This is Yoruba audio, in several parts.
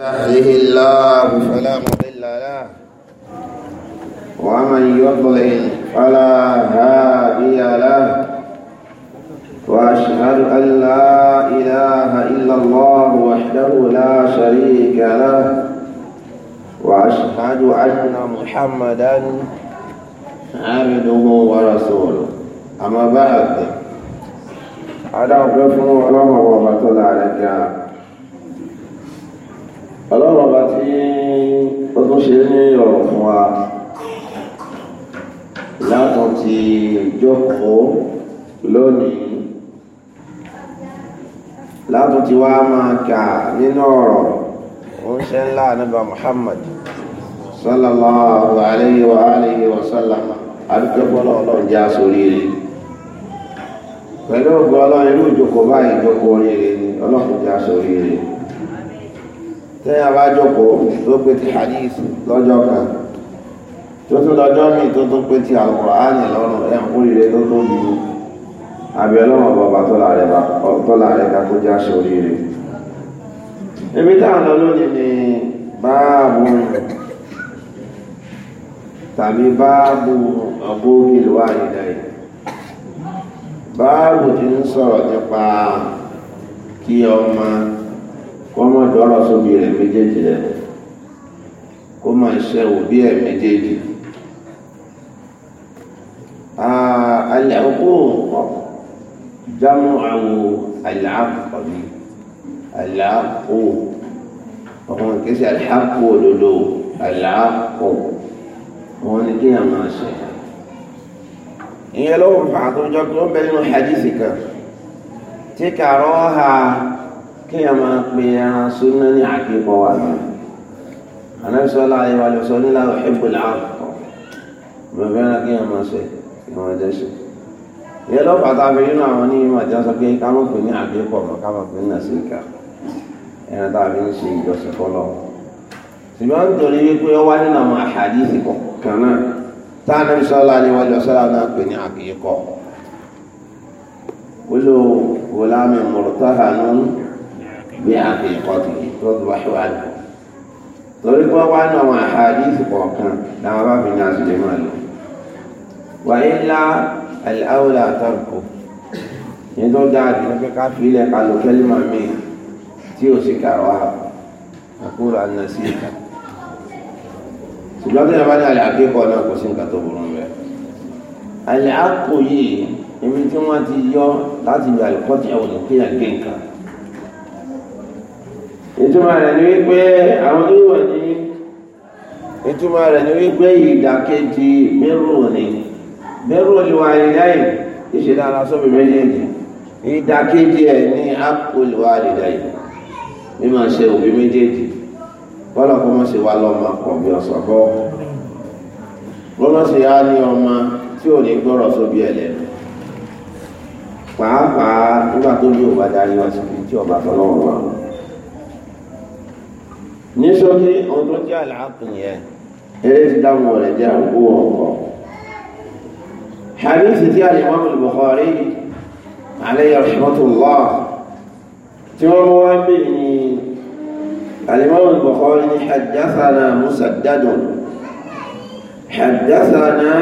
يهده الله فلا مضل له ومن يضلل فلا هادي له واشهد ان لا اله الا الله وحده لا شريك له واشهد ان محمدا عبده ورسوله اما بعد انا اقف له الله عليك ọlọ́run ọba tí ó tún ṣe ní ọ̀rọ̀ fún wa látàn ti jókòó lónìí látàn ti wá máa kà nínú ọ̀rọ̀ oúnjẹ ńlá nígbà Muhammad sallallahu alayhi wa alayhi wa sallam adúgbòpọ̀lọ́ ọlọ́run já sórí pẹ̀lú ògbọ́ ọlọ́run irú ìjókòó báyìí ìjókòó oríire ni ọlọ́run já sórí tẹ́yìn abájọpọ̀ tó pé ti hadith lọ́jọ́ kan tó tún lọ́jọ́ míì tó tún pé ti Al-Qur'ani lọ́rùn ẹ̀ ń kórìíre tó tó bí àbí ọlọ́run bàbá tọ́lá rẹ̀ ká kó já sórí rẹ̀ ibi táwọn lọ lónìí ni báàbù tàbí báàbù ọgbóògìlì wà nílẹ̀ yìí báàbù ti ń sọ̀rọ̀ nípa kí ọmọ kọ́mọ ìdọ́rọ̀ sóbi rẹ̀ méjèèjì rẹ̀ kó máa ṣe òbí ẹ̀ méjèèjì. alẹ́ òkú jámọ́ àwọn àlàáfọ̀mí àlàáfọ̀ ọmọ kẹsì àlàáfọ̀ òdodo àlàáfọ̀ wọn ni kí àwọn àṣẹ. ìyẹn lọ́wọ́ fàtó tó ń bẹ nínú hadith kan tí kàrọ́ ha kí a máa pe ẹran súná ní àkíkọ wà ní anábísọ́lá ayéwálé sọ nílá ìbùlá àkọ́ bẹ̀rẹ̀ ẹran kí a máa sọ ìwọ̀n ẹ̀jẹ̀ sọ ìyẹn lọ pàtàkì fi nínú àwọn ní ìmọ̀ àjọ sọ pé ká máa pè ní àkíkọ mọ̀ ká máa pè ní nàṣíkà ẹran tá a fi ń ṣe bí a fi nǹkan tó yẹ tó ti wá ṣe wá lò torí pé wá náà wọn àhàdíìsì kọ̀ọ̀kan làwọn bá fi ní àṣìlè máa lò wà á ńlá aláwòlá àtàkù yẹn tó dáa jù ní pé ká fi ilẹ̀ ká lò fẹ́lẹ́ máa mí tí ò sì kà wá àkúrò ànàsí ìka ṣùgbọ́n tó yẹ bá ní alẹ́ akẹ́kọ̀ọ́ náà kò sí nǹkan tó burú bẹ́ẹ̀ alẹ́ àkó yìí èmi tí wọ́n ti yọ láti yọ àlùkọ́tì ẹ̀wọ̀n kí àgbẹ̀ nǹkan. ìtumọ̀ rẹ̀ ni wípé àwọn oníwọ̀ ní ìtumọ̀ rẹ̀ ni wípé ìdàkejì mẹ́rù ni mẹ́rù olùwà ìdáyì ìṣẹ̀dá aláṣọ́bì méjèèjì ìdàkejì ẹ̀ ní olùwà ìdáyì mímọ̀ ṣe òbí méjèèjì bọ́lá kọ́ mọ́ ṣe lọ́mọ ọ̀bí ọ̀sán kọ́ á ní ọmọ tí ò ní gbọ́rọ̀ sóbi ẹ̀ lẹ́nu pàápàá nígbà tó ní sọ́kí ohun tó jẹ́ àlàáfíà yẹn eré ti dáhùn rẹ̀ jẹ́ àgbo ọ̀kọ̀ hadithi tí al-Imam al-Bukhari alayhi rahmatullah tí wọ́n mú wá ń bè ní al-Imam al-Bukhari ní haddathana musaddadun haddathana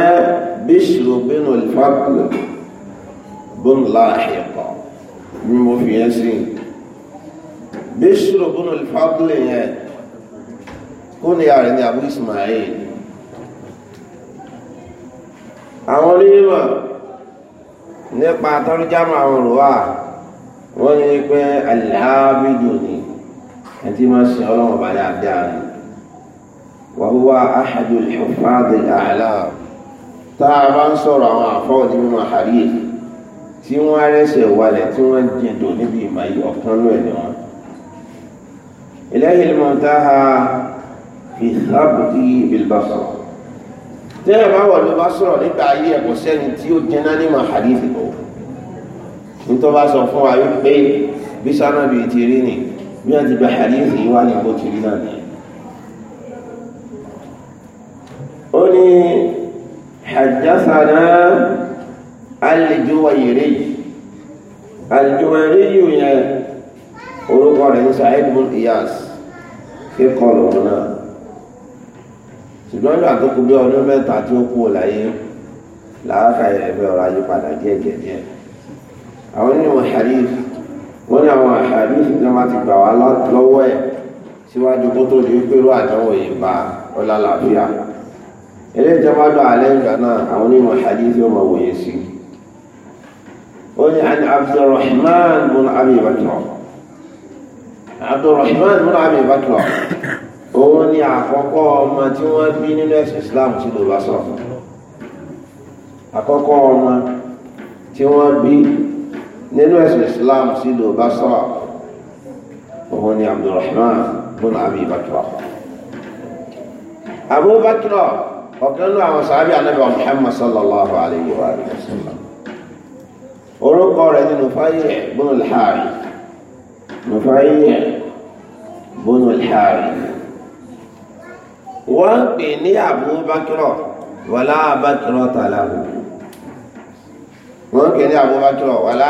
Bishr bin al-Fadl bin Lahiq ni mo fi yẹn sí Bishr bin al-Fadl yẹn. kóníyà rẹ̀ ní Abu Ismail àwọn onímọ̀ nípa tọ́rọjámọ̀ àwọn òrùwà wọ́n ní pé aláàbìdò ni ẹtí máa ṣe ọlọ́run bá dáadáa ni wàhúwà ahadu ìfàdé àlá tá a bá ń sọ̀rọ̀ àwọn àfọ́wọ́ ní mímọ̀ àríyè tí wọ́n rẹ́sẹ̀ wálẹ̀ tí wọ́n jẹ̀dọ̀ níbi ìmọ̀ ọ̀kan lóẹ̀ ni wọ́n fi hábùtì bilbasra tẹ́lẹ̀ máa wọ̀ ló bá sọ̀rọ̀ nígbà ayé ẹ̀kọ́ sẹ́ni tí ó jẹ́ná ní mahadif kọ́ ní tó bá sọ fún wa wípé bí sáná bíi ti rí ni bí wọ́n ti bẹ hadif yìí wá ní bó ti rí náà nìyẹn. ó ní hajjásánà alìjúwàyèrè alìjúwàyèrè yìí yẹn orúkọ rẹ̀ ní Sa'id bin Iyas kíkọ́ lòun náà ṣùgbọ́n nígbà tó kù bí ọdún mẹ́ta tí ó kú láyé làákà ẹ̀fẹ́ ọ̀rọ̀ ayípadà díẹ̀ díẹ̀ díẹ̀ àwọn onímọ̀ hadith wọ́n ní àwọn hadith tí wọ́n ti gbà wá lọ́wọ́ ẹ̀ síwájú kó tó di pé irú àdánwò yìí bá ọlá làáfíà eléyìí bá dọ̀ alẹ́ ìgbà náà àwọn onímọ̀ hadith yóò máa wòye sí i قل عن عبد الرحمن بن ابي بكر عبد الرحمن بن ابي بكر òun ni àkọ́kọ́ ọmọ tí wọ́n bí nínú ẹ̀sìn Islam tí ló bá sọ àkọ́kọ́ ọmọ tí wọ́n bí nínú ẹ̀sìn Islam sí ló bá sọ òun ni Abdulrahman bin Abi Bakr Abu Bakr ọ̀kan ló àwọn sàábì anábà Muhammad sallallahu alayhi wa wọ́n ń pè ní àbúbákírọ̀ wàlá àbákírọ̀ tàlàbù wọ́n ń pè ní àbúbákírọ̀ wàlá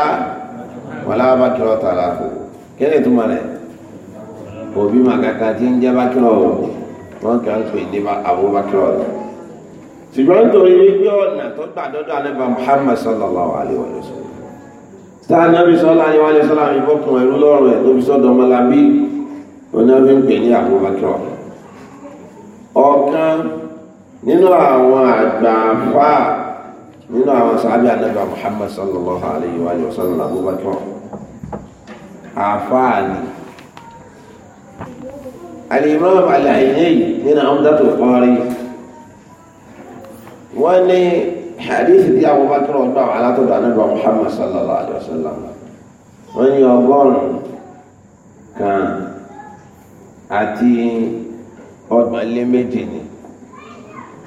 wàlá àbákírọ̀ tàlàbù kí ni túmọ̀ rẹ̀ òbí màkàkà tí ń jẹ́ bákírọ̀ wọ́n kàn ń pè ní àbúbákírọ̀ rẹ̀ ṣùgbọ́n nítorí wípé ọ̀nà tó gbà dọ́dọ̀ alẹ́bà Muhammad sallallahu alayhi wa sallam táà nábì sọ́lá alayhi wa sallam ìbọ̀kùn ẹ̀rú lọ́rùn ẹ̀ tó fi sọ́dọ̀ ọmọlábí onáfíǹpẹ̀ ní àbúbákírọ̀ ọ̀kan nínú àwọn àgbà àfà nínú àwọn sàábì ànábì Muhammad sallallahu alayhi wa sallam Abubakar àfà ni alimam alayyai nínú Umdatul Qari wọ́n ní hadith bí Abubakar ọgbà àwọn alátọ̀dọ̀ ànábì Muhammad sallallahu alayhi wa sallam wọ́n ní ọgọ́rùn-ún kan àti ọgbọ̀n lé méjì ni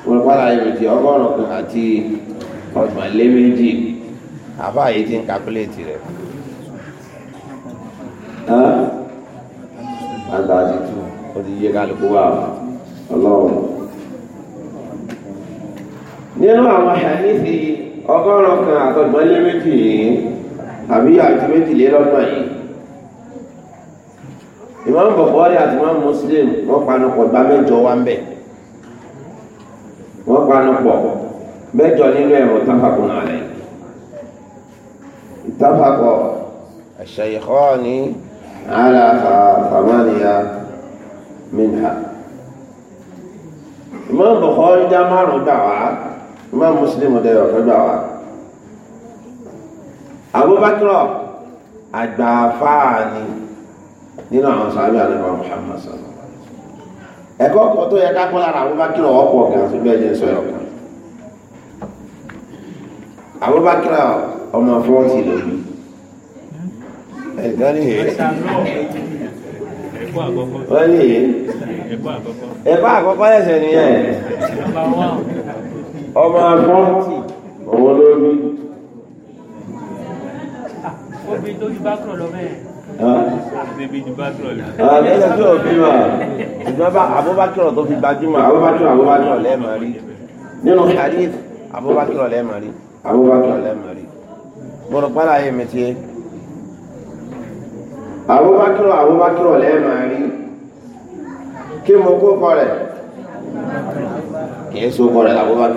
wọ́n pàdà yóò di ọgọ́rùn kan àti ọgbọ̀n lé méjì àbá yìí ti ń kápúlẹ̀tì rẹ̀. àgbà àti tù ó ti yé kálukú wa ọlọ́run. nínú àwọn hadithi ọgọ́rùn kan àtọ̀gbọ́n lé méjì yìí àbí àti méjìlélọ́gbọ̀n yìí. Imam Bukhari àti Imam Muslim wọ́n panupọ̀ gba mẹ́jọ wa ń bẹ̀ wọ́n panupọ̀ mẹ́jọ nínú ẹ̀rọ tábàkùn àlẹ́ ìtàbàkọ̀ ash-shaykhani ala thamaniya minha Imam Bukhari dá márùn gbà wá Imam Muslim dẹ̀ ọ̀fẹ́ gbà wá Abubakar àgbàfáà ni nínú àwọn sàábà àlẹ́bà Muhammad sọ̀rọ̀ ẹ̀kọ́ kan tó yẹ kápọ́ lára Abubakar ọ̀pọ̀ gan tó bẹ́ẹ̀ jẹ́ sọ̀rọ̀ kan Abubakar ọmọ fọ́ọ̀tì lóbi ẹ̀gbọ́n ni yé wọ́n ní yé ẹ̀kọ́ àkọ́kọ́ lẹ́sẹ̀ nìyẹn ọmọ fọ́ọ̀tì òun lóbi. obìnrin tó ju bá kúrò lọ bẹ́ẹ̀ ẹlẹ tí o fi ma ṣùgbọ́n bá abubakar tó fi gbajúmọ̀ abubakar abubakar lẹ́ẹ̀mọ̀ rí nínú hadith abubakar lẹ́ẹ̀mọ̀ rí abubakar lẹ́ẹ̀mọ̀ rí bọ̀dọ̀ pàdé ayé mi tiẹ̀. abubakar abubakar lẹ́ẹ̀mọ̀ rí kí mo kó kọ rẹ̀ kì í so kọ rẹ̀ làbúbakar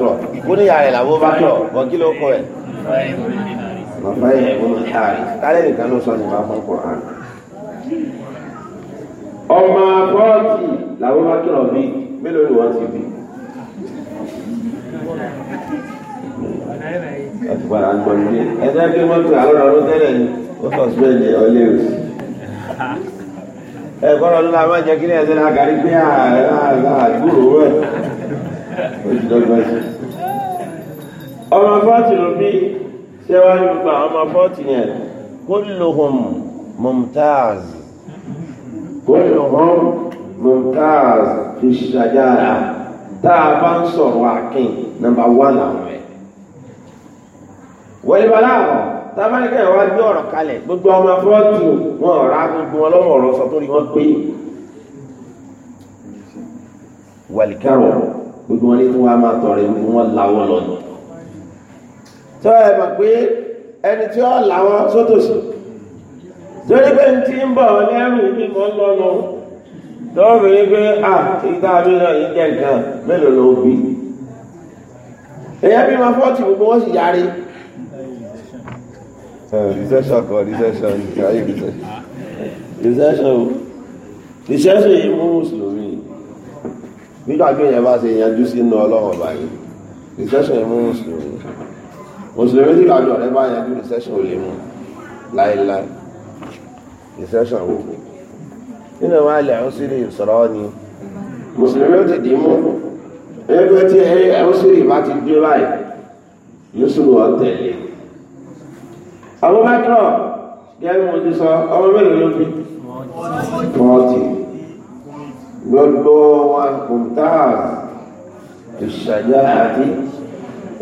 kó níyà rẹ̀ làbúbakar bọ̀ kí ló kọ rẹ̀. Rọ̀fáì ìbùnú Hàrí. Kálẹ̀ nìkan ló sọ nípa fún Kùrán. Ọmọ fọ́ọ̀tì làwọn bá kìlọ̀ bí mélòó ni wọ́n ti bí. Ẹ̀tù padà ń gbọ́ nílé. Ẹ̀sẹ̀ pé mọ́tò àlọ́rọ̀ ọdún tẹ́lẹ̀ ni ó sọ sí ẹ̀jẹ̀ ọlẹ́ òsì. Ẹ̀kọ́ lọ lọ́la máa jẹ́ kí ní ẹ̀sẹ̀ náà kárí pé àgbúrò wẹ̀. Ó ti dọ́gba sí. Ọmọ fọ́ọ̀tì ló bí tẹ́wájú gbogbo àwọn ọmọ fọ́ọ̀tì yẹn kulluhum mumtaz kulluhum mumtaz fi ṣàjára tá a bá ń sọ̀rọ̀ akin nàmbà wà làwọn ẹ̀. wọ́n ibà gbé ọ̀rọ̀ kalẹ̀ gbogbo ọmọ fọ́ọ̀tì wọn ọ̀rá gbogbo wọn sọ tó rí wọn pé wàlìkárọ̀ gbogbo wọn ní kí wọ́n máa tọrẹ gbogbo wọn láwọ́ lọ́nà tó ẹ mọ̀ pé ẹni tí ó làwọn sótòsí torí pé tí ń bọ̀ lẹ́rù ní mọ́ lọ́nà tó rí pé à ìta mìíràn yìí jẹ́ nǹkan mélòó ló bí èyàn bí ma fọ́ọ̀tì gbogbo wọ́n sì yarí recession kan recession ayé recession recession recession yìí mú mùsùlùmí nígbàgbé yẹn bá ṣe yanjú sínú ọlọ́run báyìí recession yìí mú mùsùlùmí mùsùlùmí tí ìrìnàjò rẹ bá yanjú recession ò lè mú láéláé recession wò nínú wa lè ń sírì sọ̀rọ̀ ni mùsùlùmí ó ti dì í mú ẹgbẹ́ tí ẹ ń sírì bá ti dé báyìí yusuf wọn tẹ̀lé àwọn gẹ́gẹ́ mo ti sọ ọmọ mẹ́rin ló fi tọ́ọ̀tì gbogbo wọn kùntà ìṣàjá àti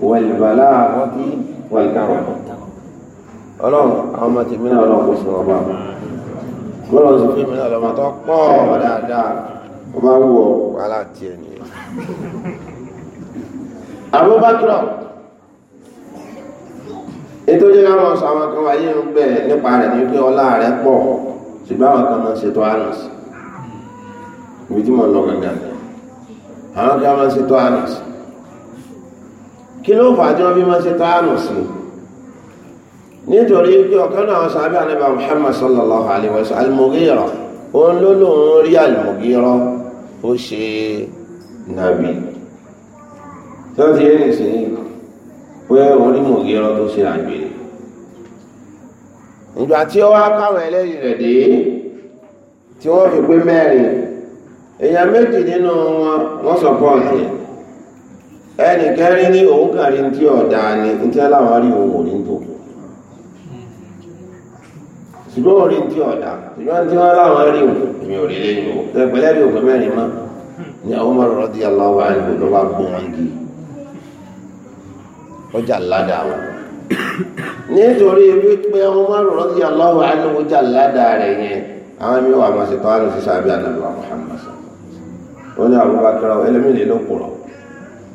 wẹ̀lbàlá àkọ́tì wọ́n ìka wọn ọlọ́run àwọn ọmọ tèmi náà ọlọ́run kò fún ọba gbọ́dọ̀ sí fún mi náà lọ́mọ tó pọ̀ dáadáa wọ́n bá wù ọ́ wàhálà tiẹ̀ nìyẹn Abubakar ètò jẹ́ káwọn sọ àwọn kan wáyé ń bẹ̀ nípa rẹ̀ ní pé ọlá rẹ̀ pọ̀ ṣùgbọ́n àwọn kan máa ń ṣètò àrùn kí ló fà jọ bí wọ́n ti tánù sí nítorí pé ọ̀kan náà sábẹ́ àníbà Muhammad sallallahu alaihi wa sallam al-Mughira òun ló lóun rí al-Mughira ó ṣe nàbì tó ti yé nìsín pé òun rí Mughira tó ṣe àgbèrè ìgbà tí ó wá káwọn ẹlẹ́yìn rẹ̀ dé tí wọ́n fi pé mẹ́rin èèyàn méjì nínú wọn wọ́n sọ pọ́ọ̀tì ẹ̀ ẹnìkan rí ní òun kàn rí tí ọ̀dà ni tí aláwọ̀ rí òun ò ní tó ṣùgbọ́n orí tí ọ̀dà ṣùgbọ́n tí wọ́n láwọn rí òun èmi ò rí lẹ́yìn o ẹgbẹ̀lẹ́ rí òun mẹ́rin mọ́ ní àwọn ọmọ rọ̀rọ̀ di aláwọ̀ àìlú ló bá gbọ́n wọn gi ọjà ládàá wọn nítorí wípé àwọn ọmọ rọ̀rọ̀ di aláwọ̀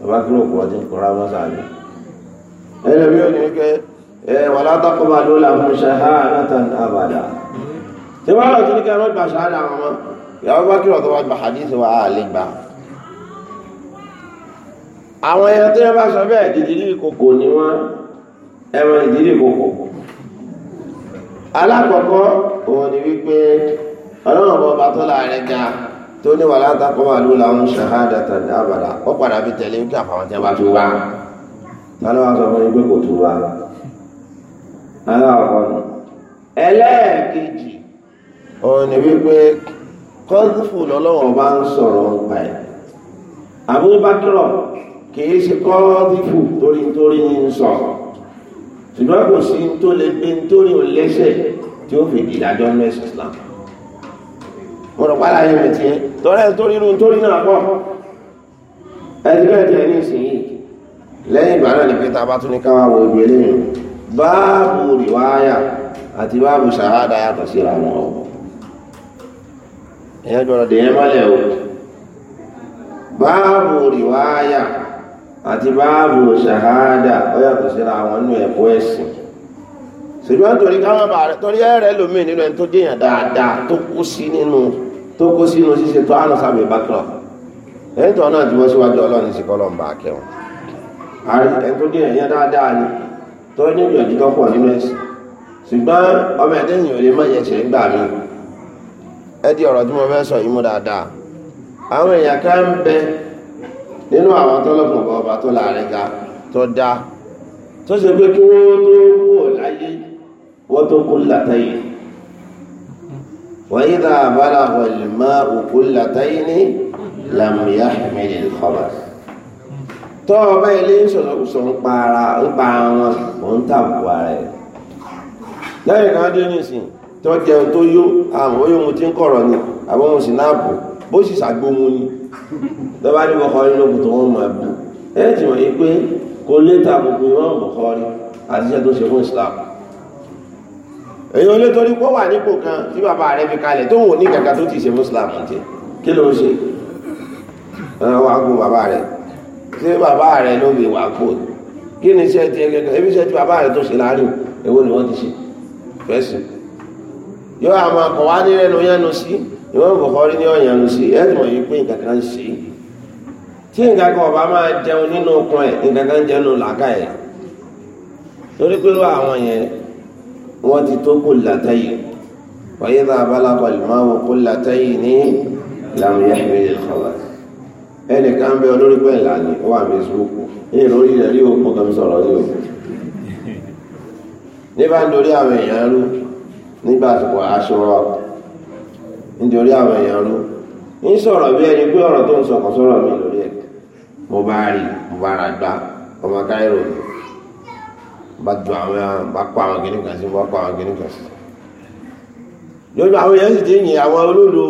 bàbá kí ló kọ ọdí ń kọra wọn sáré ẹlẹmi ò ní kẹ ẹ wà látàkọ máa ló làwọn ṣahádà abàdà tí wọn lọ sí ní kẹrọ gbà ṣáádà àwọn ọmọ ìyàwó bá kírọ̀ tó wá gbà hadith wa á gbà àwọn èèyàn tó yẹ bá sọ bẹ́ẹ̀ dìdìrí ìkòkò ni wọ́n ẹ̀rọ ìdìrí ìkòkò alákọ̀ọ́kọ́ òun ni wípé ọlọ́run ọba tó láàrin ga tó ní wàhálà àtàkọ́ wà ló làwọn ṣàhádà tàbí àbàdà ó padà fi tẹ̀lé wípé àfàwọn tí a bá tó wá tálọ́ wá sọ fún yín pé kò tó wá aláwọ̀ nù ẹlẹ́ẹ̀kejì òun ni wípé kọ́ńtùfù lọ́lọ́wọ́ bá ń sọ̀rọ̀ nípa ẹ̀ àbúbákírọ̀ kìí ṣe kọ́ńtùfù torítorí ń sọ̀rọ̀ ṣùgbọ́n kò sí tó lè gbé nítorí ò lẹ́sẹ̀ tí ó fi ìdájọ́ mẹ́sàn-án mo rọ̀ pálá yẹn tọ́rẹ́ tó rírun tó rí náà pọ̀ ẹgbẹ́ẹ̀tẹ̀ ní ìsìnyí lẹ́yìn ìgbà náà ni pé ta bá tún ní káwà wo ìgbé lẹ́yìn báàbù rìwáyà àti báàbù sàádà yàtọ̀ sí ra wọn ẹ̀yẹ́ gbọ́dọ̀ dèyẹ́ mọ́lẹ̀ o báàbù rìwáyà àti báàbù sàádà ó yàtọ̀ sí ra wọn nínú ẹ̀kọ́ ẹ̀sìn ṣùgbọ́n torí káwọn bàrẹ̀ torí ẹ̀rẹ́ lómi nínú ẹni tó jẹ́yàn dáadáa tó kú sí nínú tó kó sínú ṣíṣe tó àánú sábẹ̀ bákìrà ẹni tó náà tí wọ́n síwájú ọlọ́run sí kọ́lọ́n bá kẹwọn àrí ẹni tó jẹ́ èèyàn dáadáa ni tó ní ìyànjú tó pọ̀ nínú ẹ̀sìn ṣùgbọ́n ọmọ ẹ̀dẹ́yìn ò lè mọ̀ yẹn ṣe ń gbà mí ẹ di ọ̀rọ̀ tí mo fẹ́ sọ yìí mú dáadáa àwọn èèyàn ká ń bẹ nínú àwọn tọ́lọ́pọ̀ ọba tó láàrin ga tó dá tó ṣe pé kí wọ́n tó wò láyé wọ́n tó kú látẹ̀yìn وإذا بلغ الماء كلتين لم يحمل الخبث tó o bá ilé ìṣòṣòṣò ń pa ara ń pa wọn mò ń tàbùkù ara ẹ lẹ́yìn kan dé nísìn tó jẹun tó yó àwọn oyún mu ti ń kọ̀rọ̀ ni àwọn ohun sì náà bù bó sì ṣàgbóhun ni tó ní bọ́kọ́ rí lóògùn tó wọ́n máa bù ẹ̀ jìmọ̀ yìí pé kò lè tàbùkù ìwọ̀n bọ̀kọ́ rí àti tó ṣe fún ìsìláàmù èyí olè torí pọ́ wà nípò kan tí bàbá rẹ̀ fi kalẹ̀ tó wò ní kàkà tó ti ṣe mùsùlùmí jẹ kí ló ń ṣe wàá gùn bàbá rẹ̀ ṣé bàbá rẹ̀ ló fi wàá gùn kí ni iṣẹ́ ti ẹgbẹ́ kan ebi iṣẹ́ ti bàbá rẹ̀ tó ṣe láàrin èwo ni wọ́n ti ṣe fẹ́sì yóò àmọ́ akọ̀ wá ní rẹnu yánu sí ìwọ́n bọ̀kọ́ rí ní ọ̀yànu sí ẹ̀dùn yìí pé nǹkan kan ṣe tí nǹkan kan ọba máa jẹun nínú ọkùnrin nǹkan kan jẹun làákà ẹ̀ torí pé ló àwọn yẹn wọ́n ti tó kullatayn wa idha balagha al-ma'u kullatayni lam yahmil al-khabath ẹnìkan bẹ olórí pẹ̀lá ni ó wà Facebook ní ìròyìn rẹ̀ rí òkú kan sọ̀rọ̀ ní òkú ní bá ń bí ẹni pé ọ̀rọ̀ tó ń sọ̀kọ̀ sọ̀rọ̀ mi lórí ẹ̀ mo bá rí mo bá ra gbá ọmọ káírò mi bá ju àwọn bá kọ àwọn kìnnìún kan sí bá kọ àwọn kìnnìún kan sí lójú àwọn èèyàn sì ti yìn àwọn olóòlò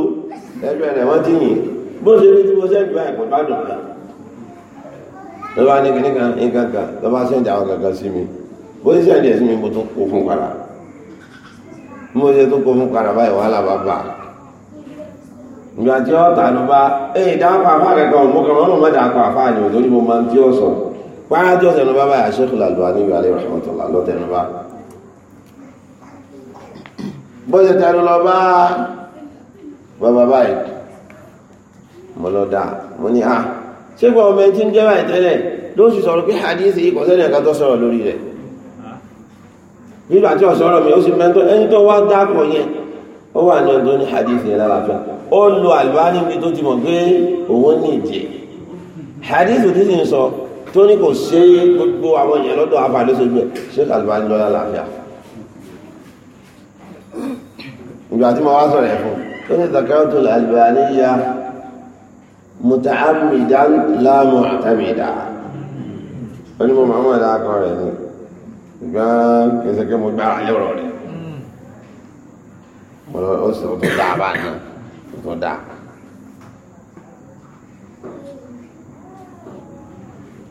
ẹgbẹ́ rẹ̀ wọ́n ti yìn bó ṣe bí tí mo sẹ́ńdì báyìí kò bá dùn mí ló bá ní kìnnìún kan ní kankan ló bá sẹ́ńdì àwọn kankan sí mi bó ṣe sẹ́ńdì ẹ̀ sí mi mo tún kó fún padà mo ṣe tún kó fún padà báyìí wàhálà bá bà ìgbà tí ó tànú bá ẹ̀ dáhùn àfáà kẹkọ̀ọ́ mo kàn mọ́ mọ́ dáhùn àfáà ni òtò ní mo máa ń tí ó sọ̀rọ̀ pàrà tí ọ̀tẹ̀nu bá báyà Sheikh Al-Albani yóò alẹ́ rahmatullah lọ́tẹ̀nu bá bọ́sẹ̀ tẹnu lọ bá bàbá báyìí mo lọ dáa mo ní à ah, ṣé kò ọmọ ẹni tí ń jẹ́ báyìí tẹ́lẹ̀ ló sì sọ̀rọ̀ pé hadith yìí kò sẹ́ni ẹ̀ka tó sọ̀rọ̀ lórí rẹ̀ nígbà tí ọ̀sọ̀rọ̀ mi ó sì mẹ́ntọ́ ẹni tó wá dákọ̀ yẹn ó wà ní ọdún ní hadith yẹn lálàáfíà ó lo Albani níbi tó ti mọ̀ pé òun ní ìjẹ́ hadith tó sì ń sọ tó ní kò sí gbogbo àwọn èèyàn lọ́dọ̀ afa lóṣogbo ẹ̀ ṣé kàlùbá ń lọ́yà láàfíà ìgbà tí mo wá sọ̀rọ̀ ẹ̀ fún tó ní zakaratu al-Albaniya muta'ammidan la mu'tamida onímọ̀ muhammad akọ rẹ̀ ni ìgbà kẹsẹ̀kẹ́ mo gbára lérò rẹ̀ ó sì tó dáa báyìí tó dáa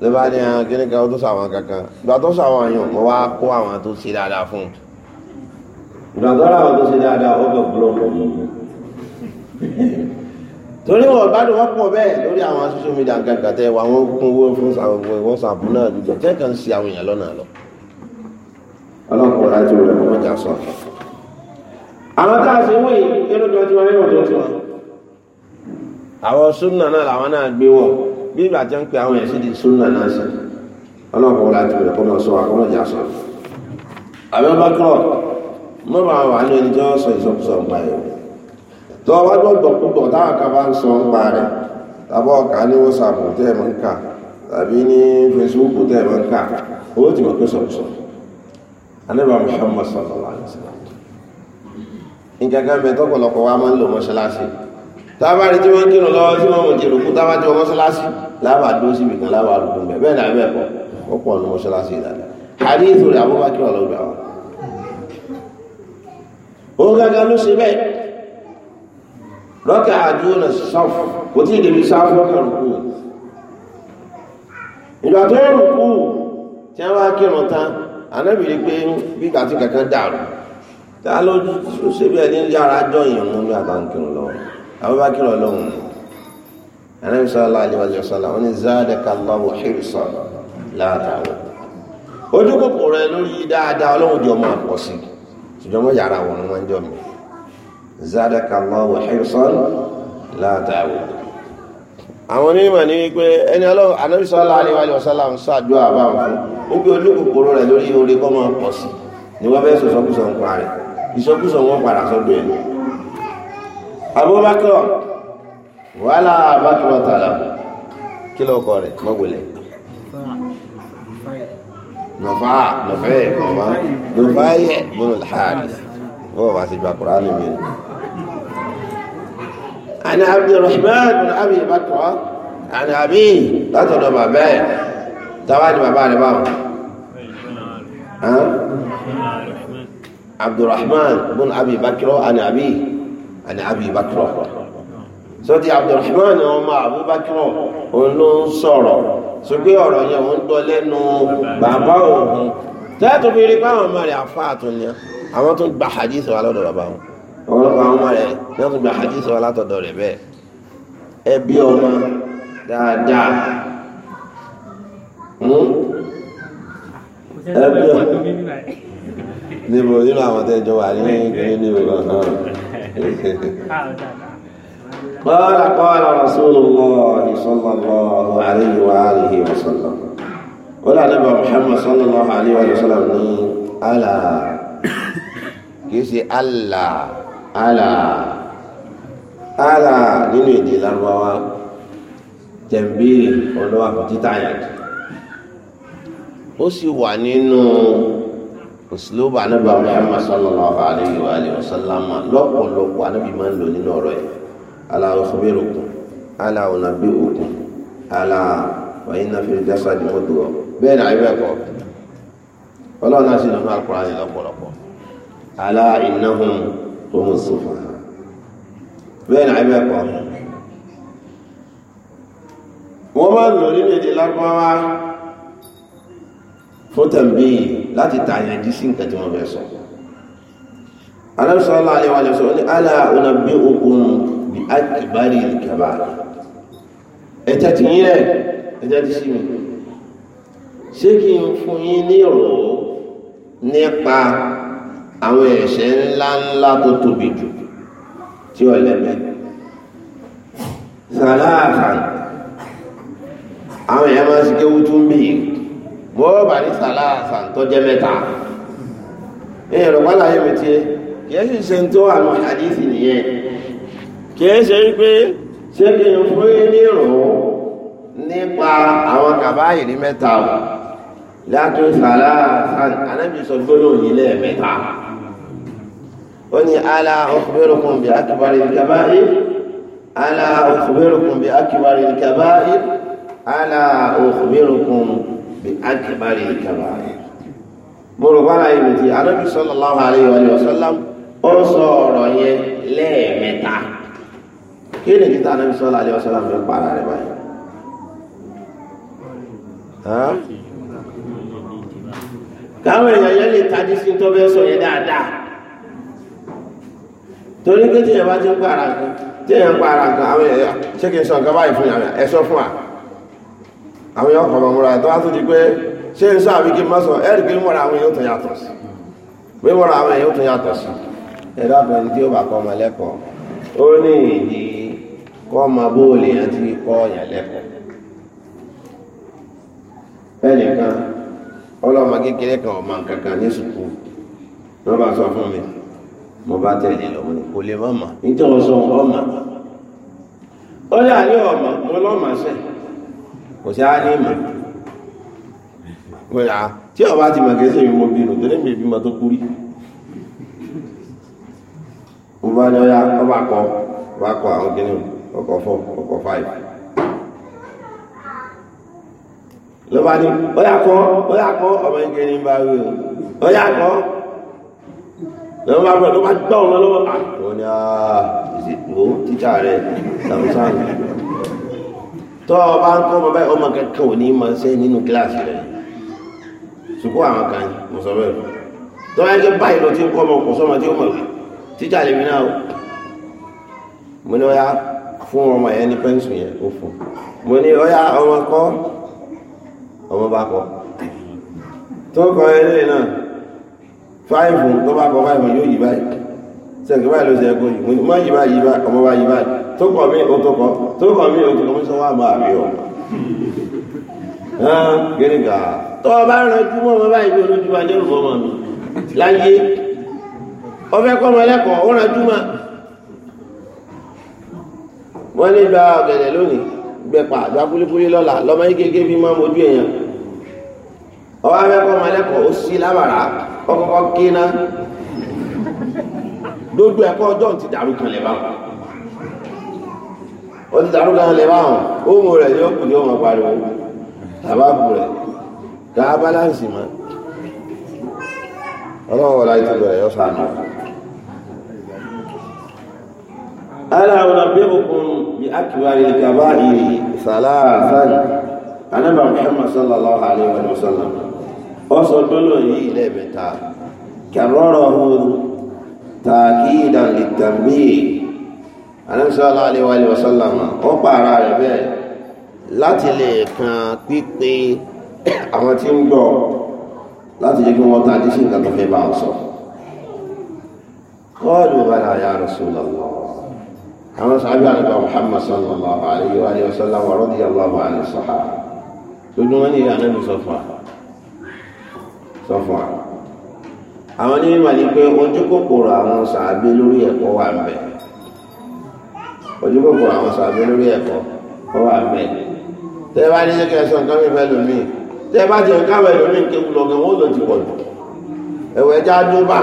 ló bá ní ah, àwọn kíní kan ó tó sàwọn kankan ìgbà tó sàwọn yàn mo wá kó àwọn tó ṣe dáadáa fún un ìgbà tó làwọn tó ṣe dáadáa ó bẹ̀ búlọ̀kù mi torí wọn gbádùn wọn pọ̀ bẹ́ẹ̀ lórí àwọn social media kankan tẹ wà wọn kún owó fún WhatsApp náà dùdọ̀ tẹ́ kàn sí àwọn èèyàn lọ́nà lọ ọlọ́pọ̀ láti rẹ̀ mọ́ jà sọ. Àwọn tá a ṣe wọ́n yìí, kí ló jọ ti wọ́n nínú tó ti Àwọn súnà náà làwọn náà gbé wọ̀ bí ìgbà jẹ́ ń pe àwọn ẹ̀sìn di súnà náà sí ọlọ́pàá wọn láti bẹ̀rẹ̀ kó máa sọ àkọ́mọ̀ ìjà sọ àbẹ́ bá kúrọ̀ mọ́ máa wà ní ẹni tí wọ́n sọ ìsọkúsọ ń pa ẹ̀ tó wá gbọ́dọ̀ púpọ̀ táwọn kan bá ń sọ ń pa rẹ̀ tàbọ̀ ọ̀ka ní WhatsApp tẹ́ ẹ̀ mọ́ ń kà tàbí ní Facebook tẹ́ ẹ̀ mọ́ ń kà owó ti mọ̀ pé sọ̀kúsọ̀ anábà Muhammad sallallahu alaihi wasallam nǹkan kan bẹ tọ́pọ̀lọpọ̀ wa máa ń lò mọ́ṣáláṣí tábàrí tí wọ́n ń kírun lọ́wọ́ tí wọ́n mọ̀ jẹ́ lókun tábà tí wọ́n mọ́ṣáláṣí láàbà dúró síbi kan láàbà lùkùn bẹ̀ bẹ́ẹ̀ dàbẹ́ pọ̀ ó pọ̀ ní mọ́ṣáláṣí ìdàdà àdé ìtòrí Abubakar ọlọ́gbà wọn. ó gángan ló ṣe bẹ́ẹ̀ lọ́kà àdúró náà sọ́fù kò tí ì débi sáfù lọ́kà rùkú ìgbà tó rùkú tí wọ́n wá kírun tán anábìrí pé bí kàtí kankan dàrú Abubakar ọlọ́run ni anabi sallallahu alaihi wa sallam wọn ni zaadaka Allahu hirsan látàwọn ojú kòkòrò ẹ lórí dáadáa ọlọ́run jọ máa pọ̀ sí ṣùgbọ́n wọ́n yàrá wọn wọ́n jọ mi zaadaka Allahu hirsan látàwọn àwọn onímọ̀ ní wípé ẹni ọlọ́run anabi sallallahu alaihi wa sallam ń ṣàdúrà báwọn fún ó gbé ojú kòkòrò rẹ lórí ابو بكر ولا بكر تعالى كيلو كوري ما قولي نفع نفع نفع نفع من الحادث هو بس يبقى قران يمين انا عبد الرحمن بن ابي بكر انا ابي بكر بن ابي تواني ما بعد ما عبد الرحمن بن ابي بكر انا ابي àní àbí ìbákirọ̀ sọ́tí Abdulrahman ọmọ àbúbákirọ̀ òun ló ń sọ̀rọ̀ ṣùgbé ọ̀rọ̀ yẹn òun gbọ́ lẹ́nu bàbá òun tẹ́ẹ̀tù fi rí báwọn ọmọ rẹ̀ afá àtúnyẹ àwọn tó gba hadith wa lọ́dọ̀ bàbá wọn ọlọ́pàá ọmọ rẹ̀ ní wọ́n tó gba hadith wa látọ̀dọ̀ rẹ̀ bẹ́ẹ̀ ẹbí ọmọ dáadáa ẹbí ọmọ níbo nínú àwọn tẹ́jọ wà ní ìgbìyànjú قال قال رسول الله صلى الله عليه وآله وسلم ولا نبى محمد صلى الله عليه وآله وسلم ألا كيسي ألا ألا ألا نيني يدي الأربعة تنبيه ونوافق تتعيد ó sì òsìlóòbù anábì Muhammad sallallahu alayhi wa alihi wa sallam lọ́pọ̀lọpọ̀ anábì máa ń lò nínú ọ̀rọ̀ yìí ala ukhbirukum ala unabbi'ukum ala wa inna fil jasadi mudghah bẹ́ẹ̀ ni àyẹ̀wò ẹ̀kọ́ ọlọ́run náà sì nínú Al-Qur'an ní lọ́pọ̀lọpọ̀ ala innahum humu sufaha bẹ́ẹ̀ ni àyẹ̀wò ẹ̀kọ́ wọ́n máa ń lò nínú èdè lágbọ́n wá fótẹ̀mbí láti tààyàn jí sí nǹkan tí wọ́n fẹ́ sọ alẹ́sọ́lá alẹ́ wàlẹ́ sọ ní alá onàbí ogun bí akìbárì ìkẹbà ẹ̀tẹ́ ti yín rẹ̀ ẹ̀tẹ́ ti sí mi ṣé nípa àwọn ẹ̀ṣẹ̀ ńláńlá tó tóbi jù tí ó lẹ́mẹ̀ sàlá àfàǹ àwọn èèyàn máa ń kéwú tó ń bèèrè bọ́ọ̀ bá ní sàlàsà tó jẹ́ mẹ́ta ẹ̀yẹ̀ rọ̀pá láyé mi tiẹ̀ kìí sì ṣe tó àmọ́ àdísì nìyẹn kìí ṣe wípé ṣé kí n fún yín ní ìrọ̀wọ́ nípa àwọn kàbáyì ní mẹ́ta o látún sàlàsà anábì gbọ́dọ̀ yìí lẹ́ẹ̀mẹ́ta ó ní ala ukhbirukum bi akbari al ala ukhbirukum bi akbari al ala ukhbirukum bí akíbarì ìkàrà mo rò wá láyé mi ti anábì sallallahu alaihi wa sallam ó sọ ọ̀rọ̀ yẹn lẹ́ẹ̀mẹ́ta kí ni títà anábì sallallahu alaihi wa sallam fẹ́ para rẹ̀ báyìí. káwọn èèyàn yẹn lè tají sí tó fẹ́ sọ yẹn dáadáa torí pé tíyẹn bá ti ń para kan tíyẹn ń para kan àwọn èèyàn ṣé kí n sọ nǹkan báyìí fún yàrá ẹ sọ fún wa àwọn yóò kọ̀ọ̀mọ̀ múra tó wá tó di pé ṣé ń sáà wíkí mọ́sàn ẹ̀rì pé mọ́ra àwọn yóò tún yàtọ̀ sí pé mọ́ra àwọn yóò tún yàtọ̀ sí ẹ̀dá bẹ̀rẹ̀ tí ó bá kọ́ ọmọ lẹ́kọ̀ọ́ ó ní ìdí kọ́ ọmọ bóòlù yẹn ti kọ́ ọ̀yàn lẹ́kọ̀ọ́ ẹnìkan ọlọ́mọ kékeré kan ọmọ nǹkan kan ní sùkúù wọ́n bá sọ fún mi mo bá tẹ̀lé kò sí àníìmọ̀ wẹ̀rà tí ọba ti mọ̀ kẹsẹ̀ ìmọ̀ bínú tó lẹ́mìí ìbímọ tó kúrí mo bá ní ọya ọba kọ ọba kọ àwọn kìnnì ọkọ̀ fọ́ ọkọ̀ fáìfì lọ́ba ní ọya kọ́ ọya kọ́ ọmọ ẹgbẹ́ ní bá rí o ọya kọ́ lọ́wọ́ bá gbọ́ lọ́wọ́ gbọ́ ọmọ lọ́wọ́ àwọn ni àà ìsìnkú títà rẹ̀ sàmùsàmù tọ́ ọ bá ń kọ́ ọmọ báyìí ọmọ kankan ò ní máa ṣe nínú kíláàsì rẹ̀ ṣùgbọ́n àwọn kan mo sọ bẹ́ẹ̀ lọ tọ́ ẹ jẹ́ báyìí ló ti ń kọ́ ọmọ kò sọ́mọ tí ó mọ̀ wí tíjà lè mi náà mo ní ọyá fún ọmọ yẹn ní pẹ́ńsù yẹn ó fún mo ní ọyá ọmọ kọ́ ọmọ bá kọ́ tó kọ́ eré náà fáìfù tó bá kọ́ fáìfù yóò yí báyìí sẹ́kì báyìí ló ṣe ẹ̀kọ́ yìí mo ní tó kọ̀ mí ìkó tó kọ̀ tó kọ̀ mí ìkó tó kọ̀ mí sọ wà máa rí o. gẹ́gà tó o bá rán ojú mọ́ ọmọ báyìí bí olójú wa dẹ́rù mọ́ ọmọ mi láyé ọfẹ́ kọ́ ọmọ ẹlẹ́kọ̀ọ́ ó rán ojú mọ́. wọ́n lè gba ọ̀gẹ̀dẹ̀ lónìí gbẹ̀pà gba kúlíkúlí lọ́la lọ́mọ yìí gẹ́gẹ́ bí máa mojú èèyàn. ọwọ́ afẹ́ kọ́ ọmọ ẹlẹ́kọ̀ọ́ ó sí lábàrá ọkọ̀ọ̀kọ̀ kí ná ẹ̀kọ́ ọjọ́ ti dàrú kan lẹ́ ó ti dàrú kan lè báwọn ohun rẹ̀ yóò kù ní ọmọ pariwo tàbábù rẹ̀ ká báláǹsì mọ́ ọlọ́wọ́ láì tó bẹ̀rẹ̀ yóò sànù. ala wùnà bí òkun bí akíwárí gàbá ìrì sàlàsàn anábà muhammad sallallahu alayhi wa sallam ó sọ gbọ́lọ̀ yìí lẹ́ẹ̀mẹ́ta kẹrọ̀rọ̀ hù tàkìdà lìtàmbíyì anamsọ́lá aléwálé wasálàmà wọ́n pa ara rẹ̀ bẹ́ẹ̀ láti lè kan pípé àwọn tí ń gbọ́ láti jẹ́ kí wọ́n tàbí sí nǹkan tó fẹ́ bá wọn sọ kọ́ọ̀lù bala ya rasulallah àwọn sàbí àlùbà muhammad sallallahu alayhi wa sallam wa radiyallahu ojú kòkòrò àwọn sàbí lórí ẹ̀kọ́ ó wà mẹ́ẹ̀ tẹ́ bá ní sẹ́kẹ̀ ẹ̀sọ́ nǹkan fífẹ́ lómi tẹ́ bá ti nǹkan fẹ́ lómi nǹkan wù lọ́gàn wọ́n lò ti pọ̀ jù ẹ̀wẹ̀ ẹja dó bá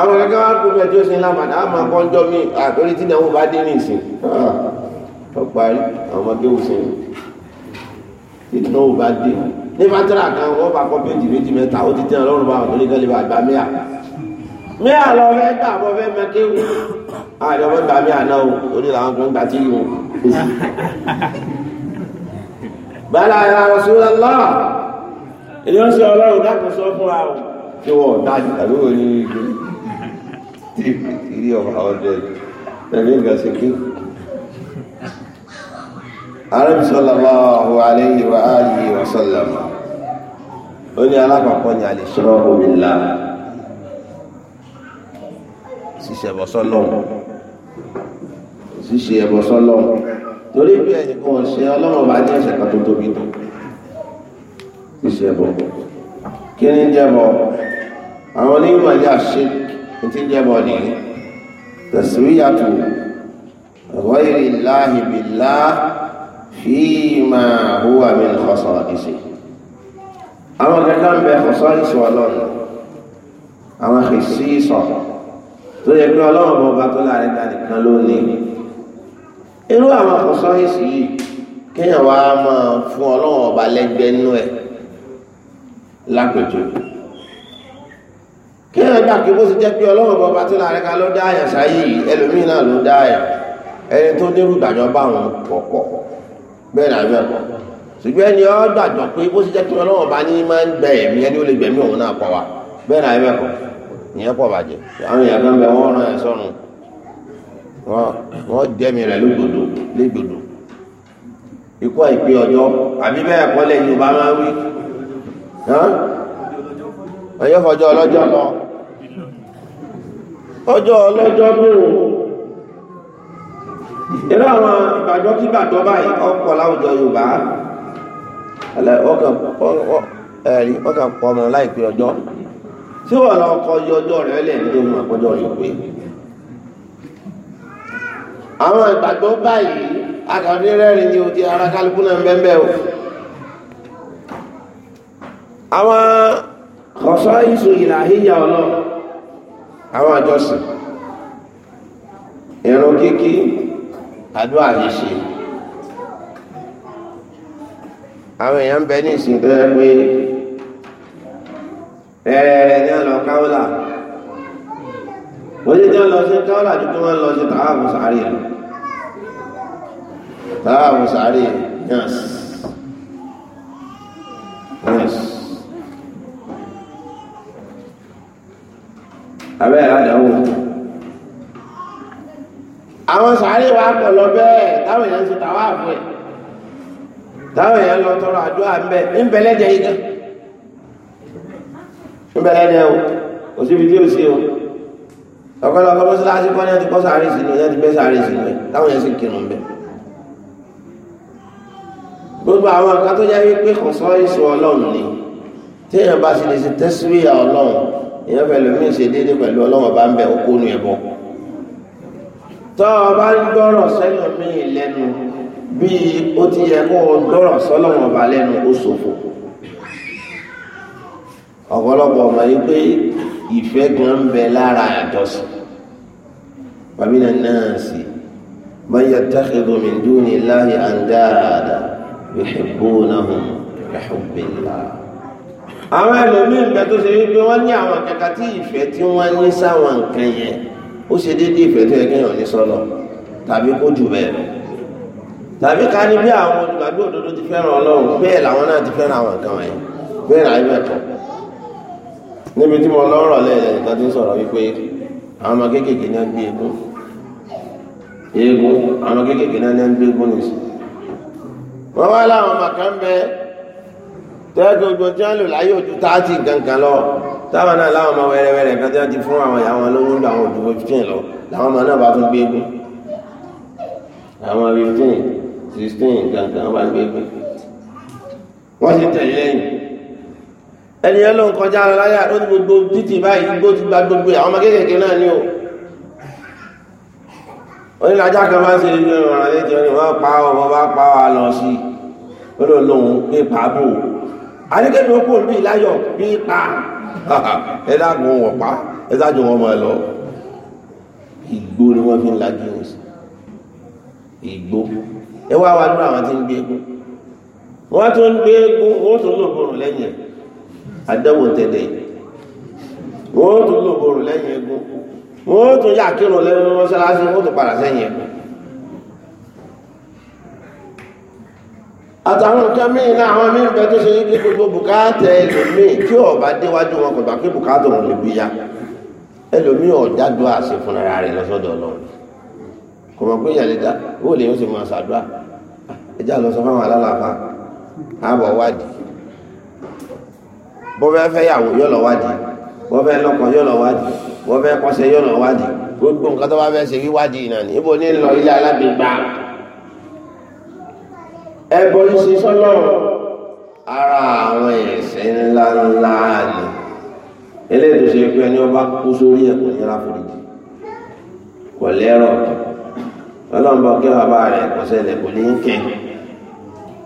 àwọn kankan wá kú bẹ́ẹ̀ tí ó sin lámàdá á máa kọ́ jọ́ mi àtòrí tí ìdánwò bá dé ní ìsìn ah, ó parí àwọn ọmọdé òsìn tí ìdánwò bá dé ní bátírà kan wọ́n bá kọ́ péjì méjì mẹ́ta ó ti tẹ́ ọlọ́run bá wọn tó ní bá gbà mẹ́à mẹ́à lọ fẹ́ gbà bọ́ fẹ́ mẹ́kéwù àti ah, ọmọ gbà mí àná o torí làwọn kan gbà tí wọn fèsì. bala ya Rasulullah èyí ó ṣe ọlọ́run dákun sọ fún wa o. ṣé wọn dájú tàbí wọn ní ìgbé tí ìrí ọmọ àwọn ọdẹ tẹ̀lé nǹkan ṣe kí. Ànábì sallallahu alayhi wa alihi wa sallam ó ní alákọ̀ọ́kọ́ ni àlè ṣọ́rọ́ omi ńlá ṣiṣẹ́ bọ́sọ́ lọ́wọ́ ṣíṣe ẹbọ sọ́lọ́ torí bí ẹ̀yìn kan ṣe ọlọ́run bá ní ẹ̀ṣẹ̀ kan tó tóbi tó ṣíṣe ẹbọ kí ni jẹ́bọ àwọn onímọ̀ ní àṣẹ ti jẹ́bọ ní tẹ̀síwíyàtò ọ̀rọ̀ ìrìnlá ìbìlá fíìmà huwa min ọ̀sán ìṣe àwọn kẹta ń bẹ ọ̀sán ìṣe ọlọ́run àwọn kìí sí ìṣọ̀ tó yẹ pé ọlọ́run bọ̀ bá tó láàrin dá nìkan lónìí irú àwọn àkọsán èsì yìí kéèyàn wá máa fún ọlọ́run ọba lẹ́gbẹ̀ẹ́ nú ẹ̀ lápẹ̀jọ́ kéèyàn gbà kí bó ti jẹ́ pé ọlọ́run ọba ọba tó láàrin ká ló dá sáyé yìí ẹlòmíín náà ló dá ẹni tó nírú ìgbàjọ bá wọn pọ̀pọ̀ bẹ́ẹ̀ náà bẹ́ẹ̀ pọ̀ ṣùgbọ́n ẹni ọ gbàgbọ́ pé bó ti jẹ́ pé ọba ní máa ń gbẹ ẹ̀mí ẹni ó lè gbẹ̀mí òun náà pọ̀ wá bẹ́ẹ̀ náà bẹ́ẹ̀ pọ̀ ìyẹn pọ̀ bàjẹ́ àwọn èèyàn kan bẹ wọ́n rán wọ́n dẹ́mi rẹ̀ lógbòdò légbòdò ikú àìpé ọjọ́ àbí bẹ́ẹ̀ kọ́lẹ̀ Yorùbá máa wí ọjọ́ fọjọ́ ọlọ́jọ́ lọ ọjọ́ ọlọ́jọ́ bóò irú àwọn ìbàjọ́ kí bàjọ́ báyìí ọkọ̀ láwùjọ Yorùbá ọkàn pọ̀ ọmọ láìpé ọjọ́ tí wọ́n lọ kọ́ yọjọ́ rẹ̀ lẹ́yìn tó mú àpọ́jọ́ rẹ̀ pé àwọn ìgbàgbọ́ báyìí akàdé rẹ́rìn ni a ara kálukú náà bẹ́ẹ̀ o àwọn ọsọ ìṣù ìlàhíyà ọlọ́ àwọn àjọsìn ìrun kíkí àdúrà ṣíṣe àwọn èèyàn ń ní ìsìn tó yẹ ní ọ̀nà wọ́n jẹ́ lọ ṣe káwọ́lá ju kí wọ́n lọ ṣe tààbù sàárè lọ tààbù sàárè yans yans abẹ́ àdáwò àwọn sàárè wa pọ̀ lọ bẹ́ẹ̀ táwọn èèyàn ṣe tàwa àfọ̀ ẹ̀ táwọn èèyàn lọ tọrọ àdúrà ń bẹ ń bẹ lẹ́jẹ̀ yìí dán ń bẹ ọ̀pọ̀lọpọ̀ mọ́sálásí kọ́ ní ẹni kọ́ sáré sínú ẹni bẹ́ sáré sínú ẹ̀ táwọn yẹn sì kírun bẹ́ẹ̀. gbogbo àwọn nǹkan tó jẹ́ wípé kò sọ èso ọlọ́run ni tí èèyàn bá sì lè ṣe tẹ́síwìyà ọlọ́run èèyàn fẹ́ lómi ṣe déédéé pẹ̀lú ọlọ́run bá ń bẹ okó nu ẹ̀bọ. tọ́ ọ bá ń gbọ́rọ̀ sẹ́yìn mi lẹ́nu bí ó ti yẹ kó o gbọ́rọ̀ sọ́lọ́run ọba lẹ́nu ó ṣòfò ọ̀pọ̀lọpọ̀ ọ̀mọ̀ ìfẹ́ gan ń bẹ lára àjọsìn wàmínà náà sì man yattakhidhu min duni llahi andada yuhibbunahum kahubbillah. àwọn ẹlòmíín bẹ tó ṣe wípé wọ́n ní àwọn kẹta tí ìfẹ́ tí wọ́n ní sáwọn nǹkan yẹn ó ṣe déédéé ìfẹ́ tó yẹ kéèyàn ní sọ́lọ̀ tàbí kó jù bẹ́ẹ̀ lọ tàbí ká ní bí àwọn olùgbàgbé òdodo ti fẹ́ràn ọlọ́run bẹ́ẹ̀ làwọn náà ti fẹ́ràn àwọn nǹkan wọ̀nyẹn bẹ́ẹ̀ làwọn ẹ̀kọ́ níbi tí mo lọ́rọ̀ lẹ́yìn sọ̀rọ̀ wípé àwọn ń gbé egun wọ́n wá láwọn bẹ tí wọ́n lò láyé táàtì gangan lọ táwọn láwọn ọmọ wẹ́rẹ́wẹ́rẹ́ kan tí wọ́n ti fún àwọn ìyá wọn lọ àwọn òjò wọ́n ti tẹ̀lé ẹni ẹ ló ń kọjá ara láyà ó ní gbogbo títì báyìí gbó ti gba gbogbo àwọn ọmọ kéékèèké náà ní o onílàjá kan bá ń ṣe ibi ọ̀rọ̀ àlejò ni wọ́n pa ọmọ bá pa wà lọ sí i ó lò lóhun pé pàbò àdékèké ó kò bí láyọ̀ bí pa ẹ dákun wọ̀ pa ẹ sáájú wọn máa lọ igbó ni wọ́n fi ń lajú wọn sí igbó ẹ wá wá dúró àwọn tí ń gbé egun wọ́n tún ń gbé egun wọ́n tún lò bọ̀rùn lẹ́yìn ẹ̀. àdẹ́wò tẹ̀dẹ̀ wọ́n tún lò borò lẹ́yìn egun wọ́n tún yà kírun lẹ́nu mọ́ṣáláṣí wọ́n tún padà sẹ́yìn egun àtàwọn nǹkan míì náà àwọn míì bẹ tó ṣe ní gbogbo bùkátà ẹlòmíì tí ọba déwájú wọn kò gbà pé bùkátà lè gbéya ẹlòmíì ọ̀dádùn àṣẹ fúnra rẹ̀ lọ́sọ̀dọ̀ ọlọ́run kò mọ̀ pé ìyàlẹ̀ dá ó lè máa ṣàdúrà ẹjá lọ sọ fáwọn alálàáfà bó fẹ́ fẹ́ yàwó yóò lọ wádìí bó fẹ́ lọ́kọ yóò lọ wádìí bó fẹ́ kọ́ṣẹ́ yóò lọ wádìí gbogbo nǹkan tó bá fẹ́ ṣe wíwádìí náà ni ibo ní lọ ilé alábìgbà ẹbọ ṣíṣe sọ́nà ara àwọn ẹ̀ṣẹ̀ ńlá ńlá ni eléyìí tó ṣe pé ẹni ọba kú sórí ẹ̀kọ́ ní aláforíjì kò lẹ́rọ̀ ọlọ́mbọ kí bàbá rẹ̀ kọ́sẹ̀ lẹ̀ kò ní kẹ́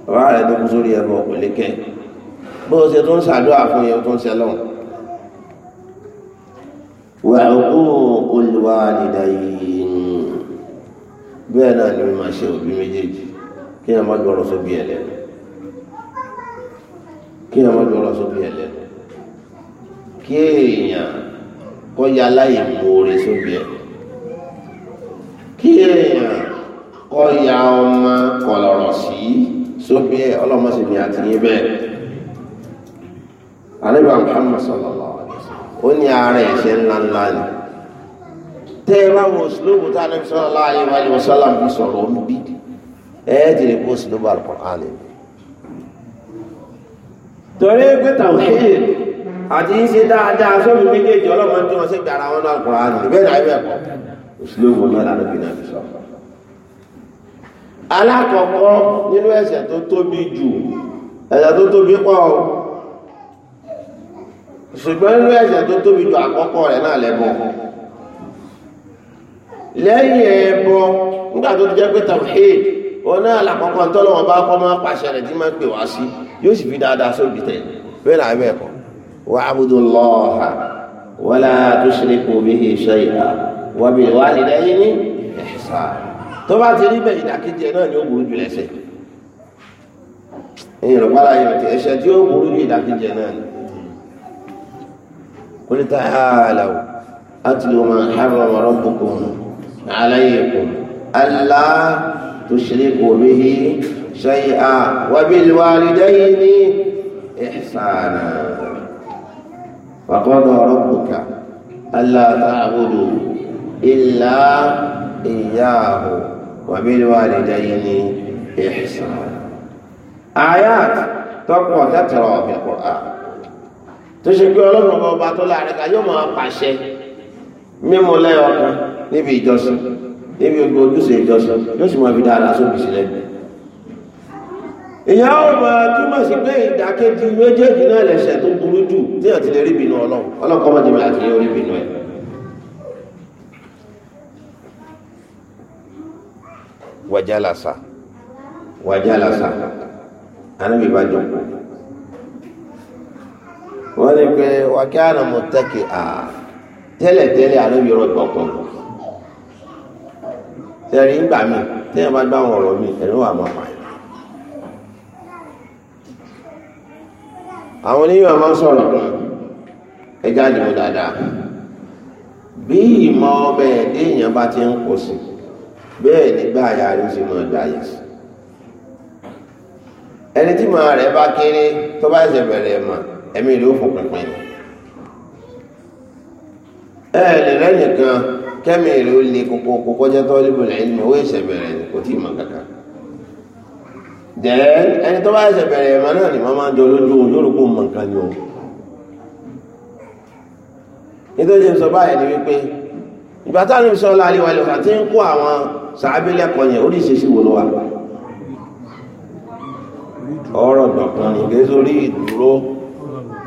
bàbá rẹ̀ tó kú sórí ẹ̀kọ́ kò lè kẹ́ bó o ṣe tún ṣàdúrà fún yẹn tún ṣe lọ́wọ́ wà ókú olùwà nìdá yìí bẹ́ẹ̀ náà ni mo máa ṣe òbí méjèèjì kí ẹ má gbọ́rọ̀ sóbi ẹ̀ lẹ́nu kí ẹ má gbọ́rọ̀ sóbi ẹ̀ lẹ́nu kí èèyàn kọ́ ya láyè mòore sóbi ẹ̀ kí èèyàn kọ́ ya ọmọ kọ̀lọ̀rọ̀ sí sóbi ẹ̀ ọlọ́mọ sì ní àtìyé bẹ́ẹ̀ ànábì Muhammad sallallahu alaihi wasallam ó ní ara ẹ̀ṣẹ̀ ńláńlá ni tẹ́ ẹ bá wo sùlùmù tá ànábì sallallahu alaihi wasallam fi sọ̀rọ̀ ọ̀nù bí ẹ ẹ́ ti lè kó sùlùmù al-Qur'an ni. torí pé tawhid àti ń ṣe dáadáa sómi méjèèjì ọlọ́mọ tí wọ́n ṣe gbàrà wọn náà Qur'an ni ṣùgbọ́n inú ẹ̀ṣẹ̀ tó tóbi ju àkọ́kọ́ rẹ̀ náà lẹ́bọ lẹ́yìn ẹbọ nígbà tó ti jẹ́ pé tawhid òun náà làkọ́kọ́ tọ́lọ́wọ́n bá kọ́ máa pàṣẹ rẹ̀ tí máa ń pè wá sí yóò sì fi dáadáa sóbi tẹ̀ bẹ́ẹ̀ náà bẹ́ẹ̀ kọ́ wa'budullaha wala tushriku bihi shay'a wa ẹ̀ṣẹ̀ tí ó burú jù ìdákejì náà ni قل تعالوا أتل ما حرم ربكم عليكم ألا تشركوا به شيئا وبالوالدين إحسانا فقضى ربك ألا تعبدوا إلا إياه وبالوالدين إحسانا آيات تقوى تترى في القرآن tó ṣe pé ọlọ́run ọba ọba tó láàrin ká yóò máa pàṣẹ mímú lẹ́yọkan níbi ìjọsìn níbi ogun ojúṣe ìjọsìn yóò sì máa fi dáadáa sóbi sílẹ̀ ìyá ọba túmọ̀ sí pé ìdákejì méjèèjì náà lẹ̀ṣẹ̀ tó burú jù tí àti lè rí ìbínú ọlọ́run ọlọ́kọ́ mọ̀ jẹ́mi àti lè rí ìbínú ẹ̀ wàjálàsà wàjálàsà anábìbájọ́ wọ́n ní pé wákẹ́ àná tẹ́kì à tẹ́lẹ̀tẹ́lẹ̀ àlóbi ọ̀rọ̀ gbọ̀ngbọ̀n sẹ́rí mi tẹ́yìn bá mi ẹ̀rọ wà pààyàn. àwọn oníyàn máa ń sọ̀rọ̀ ẹja àdìmú dáadáa bí ìmọ̀ ọbẹ̀ èèyàn bá ti ń kó sí bẹ́ẹ̀ nígbà àyà ma sí máa gbà yẹ̀ ẹni tí màá rẹ̀ bá kéré ẹ̀mí ìlú òfò pínpín ẹ lè rẹ́yìn kan kẹ́mi ìlú lè kókó kókó jẹ́ tó líbo lẹ́yìn mi owó ìṣẹ̀ bẹ̀rẹ̀ ni kò tí ì mọ̀ kankan dẹ̀ ẹni tó bá ìṣẹ̀ bẹ̀rẹ̀ ẹ̀mọ náà ni wọ́n máa jọ lójú olórúkọ mọ̀ nítorí sọ báyìí ni wípé ìgbà táwọn ìṣọ́ ọlá àríwá ìlú àti ń kó àwọn sàábílẹ̀ kan yẹn oríṣiríṣi wò ló wà ọ̀rọ̀ dọ̀kan nìgbésórí ìdúró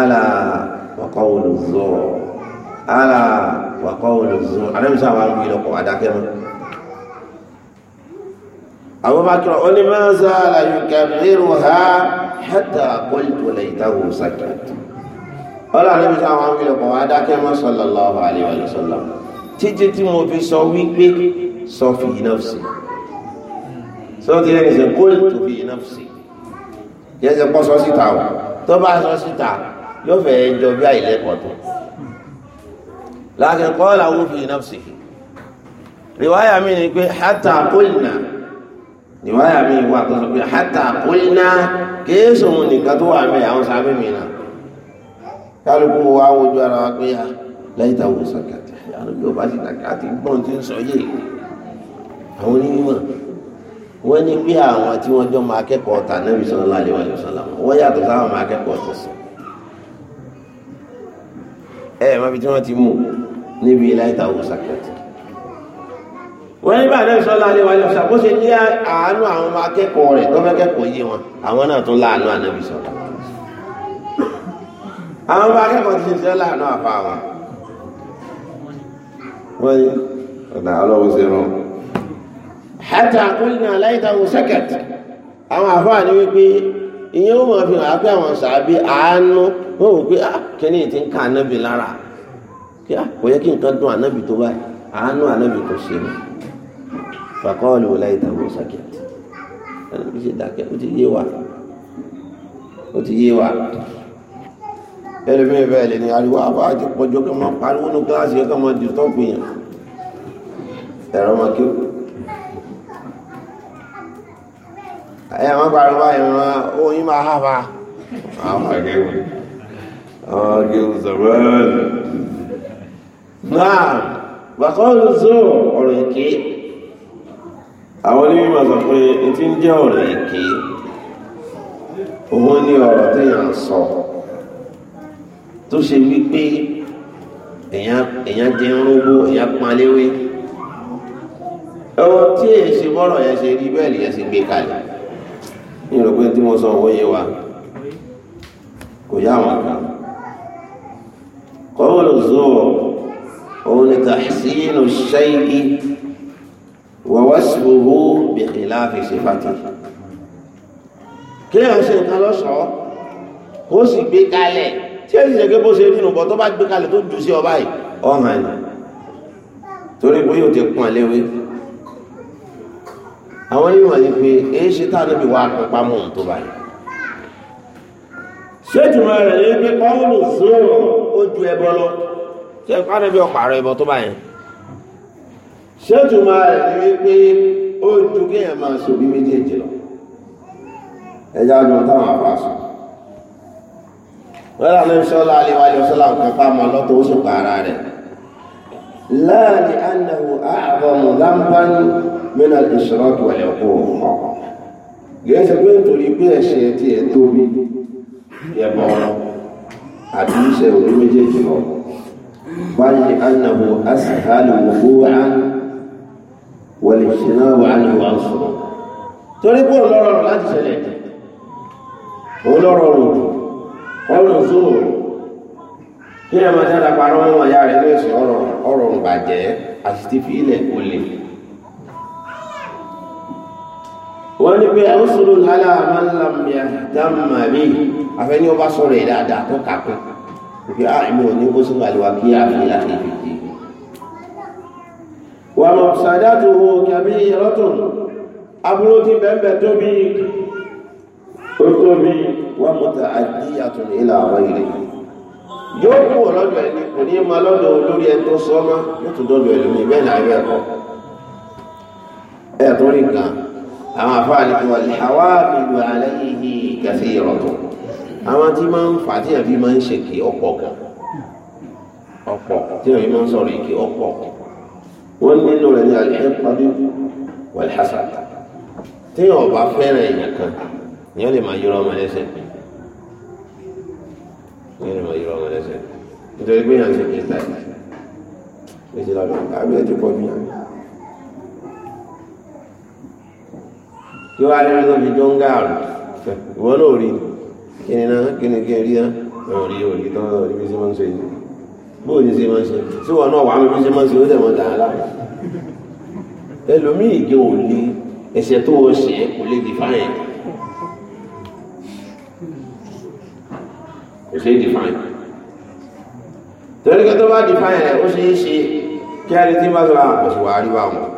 ala wàkọ́wòlò zọrọ ala wàkọ́wòlò zọrọ anamisa wa wí lọkọ adakẹ mọ. abubakar onímọ̀ọ́sá alayu kẹfìrú ha hẹ́tà kọ́lìtò lẹ́yìntàwó sàkẹ́tù. ọlọ́ anamisa wa wí lọkọ adakẹ mọ sallallahu alayhi wa sallam títí tí mo fi sọ wípé sọ fi nafsi sọ ti lẹ́yìn sẹ kọ́lìtò fi nafsi yẹ sẹ kọ́ sọ síta o tó bá sọ síta yóò fẹ́ jọ bí àìlẹ́kọ̀ọ́ tó láàkín kọ́ làwọn fi nafsi riwaya mi ni pé hátà kólìnà riwaya mi wà tó sọ pé hátà kólìnà kéésù mu nìkan tó wà mẹ́ àwọn sábẹ́ mi náà kálukú wa wojú ara wa pé lẹ́yìn táwọn sọ̀kàtì àwọn yóò bá ti dàgbà àti gbọ́n tí ń sọ yìí àwọn onímọ̀ wọ́n ní pé àwọn tí wọ́n jọ máa kẹ́kọ̀ọ́ tà náà bí sọ́nà láàrin wọ́n yàtọ̀ sáwọn máa kẹ́kọ̀ọ́ tó sùn ẹ ẹ má fi tí wọ́n ti mú níbi láìta òwúsà kẹtì wọ́n nígbà náà sọ́lá alẹ́ wa lọ́sà bó ṣe ní àánú àwọn ọmọ akẹ́kọ̀ọ́ rẹ̀ tó fẹ́ kẹ́kọ̀ọ́ yé wọn àwọn náà tún láàánú ànábì sọ́lá àwọn ọmọ akẹ́kọ̀ọ́ ti ṣe ṣe láàánú àfa wọn wọ́n ní ọ̀nà ọlọ́wọ́ sí rán hátà kúlìnà láìtàwò sẹ́kẹ̀t àwọn àfa ni wípé ìyẹn ó fi hàn á àwọn sàábí àánú wọ́n wò pé ah kíní ti ń ka ànábì lára kí ah kò yẹ kí nǹkan dùn tó báyìí àánú ànábì kò ṣe mọ́ fàkọ́ọ̀lù wọlé ṣe dákẹ́ ó ti yé wa ó ti yé wa bẹ́ẹ̀ lè ní ariwo àbá ah, àti kí wọ́n pariwo ní kíláàsì yẹn kí argues the world. Náà, wàkọ́ọ̀lù zoo ọ̀rọ̀ èké. Àwọn onímọ̀ sọ pé n ti ń jẹ́ ọ̀rọ̀ èké. Òun ní ọ̀rọ̀ téèyàn sọ. Tó ṣe wípé èèyàn jẹ́ ń rógbó, èèyàn panléwé. Ẹ̀wọ̀n tí èyí ṣe bọ́rọ̀ yẹn ṣe rí bẹ́ẹ̀ lèyẹn ṣe gbé kalẹ̀. Ní ìròpé tí mo sọ òun wa, kò yá àwọn kan. قول الزور هو تحسين الشيء ووصفه بخلاف صفته kíyàn ṣe nǹkan lọ́ṣọ̀ọ́ kó sì gbé kalẹ̀ tí ó sì jẹ́ bó ṣe nínú bọ̀ tó bá gbé kalẹ̀ tó jù sí ọba yìí ọ̀hàn ni torí pé yóò ti pọ̀n léwé àwọn yìí wọ̀nyí pé èé ṣe táà níbi wà pípa tó báyìí ṣéjùmọ̀ rẹ̀ ní pé kọ́ọ̀lù zoro ó ju ẹbọ lọ ṣe pàdé bí ọ̀pààrọ̀ ẹbọ tó báyẹn ṣéjùmọ̀ rẹ̀ ní pé ó ju kéèyàn ṣòbí méjèèjì lọ ẹjá lọ táwọn àpàṣọ wọ́n ní sọ́lá aléwájú sọ́lá nǹkan mọ́ lọ́tọ̀ ó ṣùpá ara rẹ̀ láàrin annahu àbọ̀mù lámbánú mẹ́nà ìṣòro tó ẹ̀kọ́ ọ̀hún gẹ́gẹ́ pé nítorí pé ẹ̀ṣẹ̀ ti ẹ̀ tóbi yẹbọ àti iṣẹ́ òní méjèèjì lọ báyìí anahu asahalu wuhuwa wọlé ṣìnà wà ní wà ń sọ̀rọ̀ torí pé olóró láti ṣẹlẹ̀ olóró rò ọrùn sóò kí ẹ máa dára parọ́ mọ́ ọ̀yá rẹ̀ lóṣù ọrọ̀ ọrọ̀ ń bàjẹ́ àti ti fi ilẹ̀ olè. wọ́n ní pé ọ̀ṣùrù lálẹ́ àmàlàmìà dáàmà mi àfẹ́ni ọba sọ̀rọ̀ ẹ̀ dáadáa tó kàkún òkè àìmọ̀ ní bó sínú àlùwà kí àfẹ́ láti fi jì wà mọ̀ sàdáàtò kàbí ẹlọ́tùn aburú ti bẹ́ẹ̀ tóbi ó tóbi wọ́n mọ̀ta àdíyàtọ̀ nílà àwọn ilẹ̀ yóò kú ọlọ́dọ̀ ẹni kò ní ma lọ́dọ̀ olórí ẹni tó sọ́mọ́ nítorí ọdọ̀ ẹlòmíì bẹ́ẹ̀ náà ẹ̀kọ́ ẹ̀ tó rí nǹkan àwọn àfáàní kí wọ́n àwa bìlù alẹ́ yìí kẹfì ìrọ̀tọ̀ àwọn tí máa ń fà tí àbí máa ń ṣèkì ọ̀pọ̀ gan ọ̀pọ̀ tí àbí máa ń sọ̀rọ̀ ìkì ọ̀pọ̀ wọ́n nínú rẹ̀ ní alẹ́pàdé wàlhásà tí wọ́n bá fẹ́ràn èèyàn kan ìyẹn lè lè máa yọrọ ọmọ lẹ́sẹ̀ nítorí pé yàn ń ṣe kí n ẹ̀ ẹ̀ ṣe lábẹ́ àbí ẹ̀ ti pọ̀ bí yàn. kí wá ní ọjọ́ fi jó ń gáàrù ìwọ náà rí kí ni náà kí ni kí rí náà rí òrí tó náà rí bí sí máa ń ṣe yìí bó ní sí máa ń ṣe sí wọn náà wà á bí sí máa ń ṣe ó dẹ̀ wọn dàá ẹlòmíì ìgé ò lè ẹsẹ̀ tó o ṣe kò lè define kò ṣe define torí kí tó bá define rẹ̀ ó ṣe é ṣe kí á lè tí bá tó ra àpọ̀ṣùwà àríwá wọn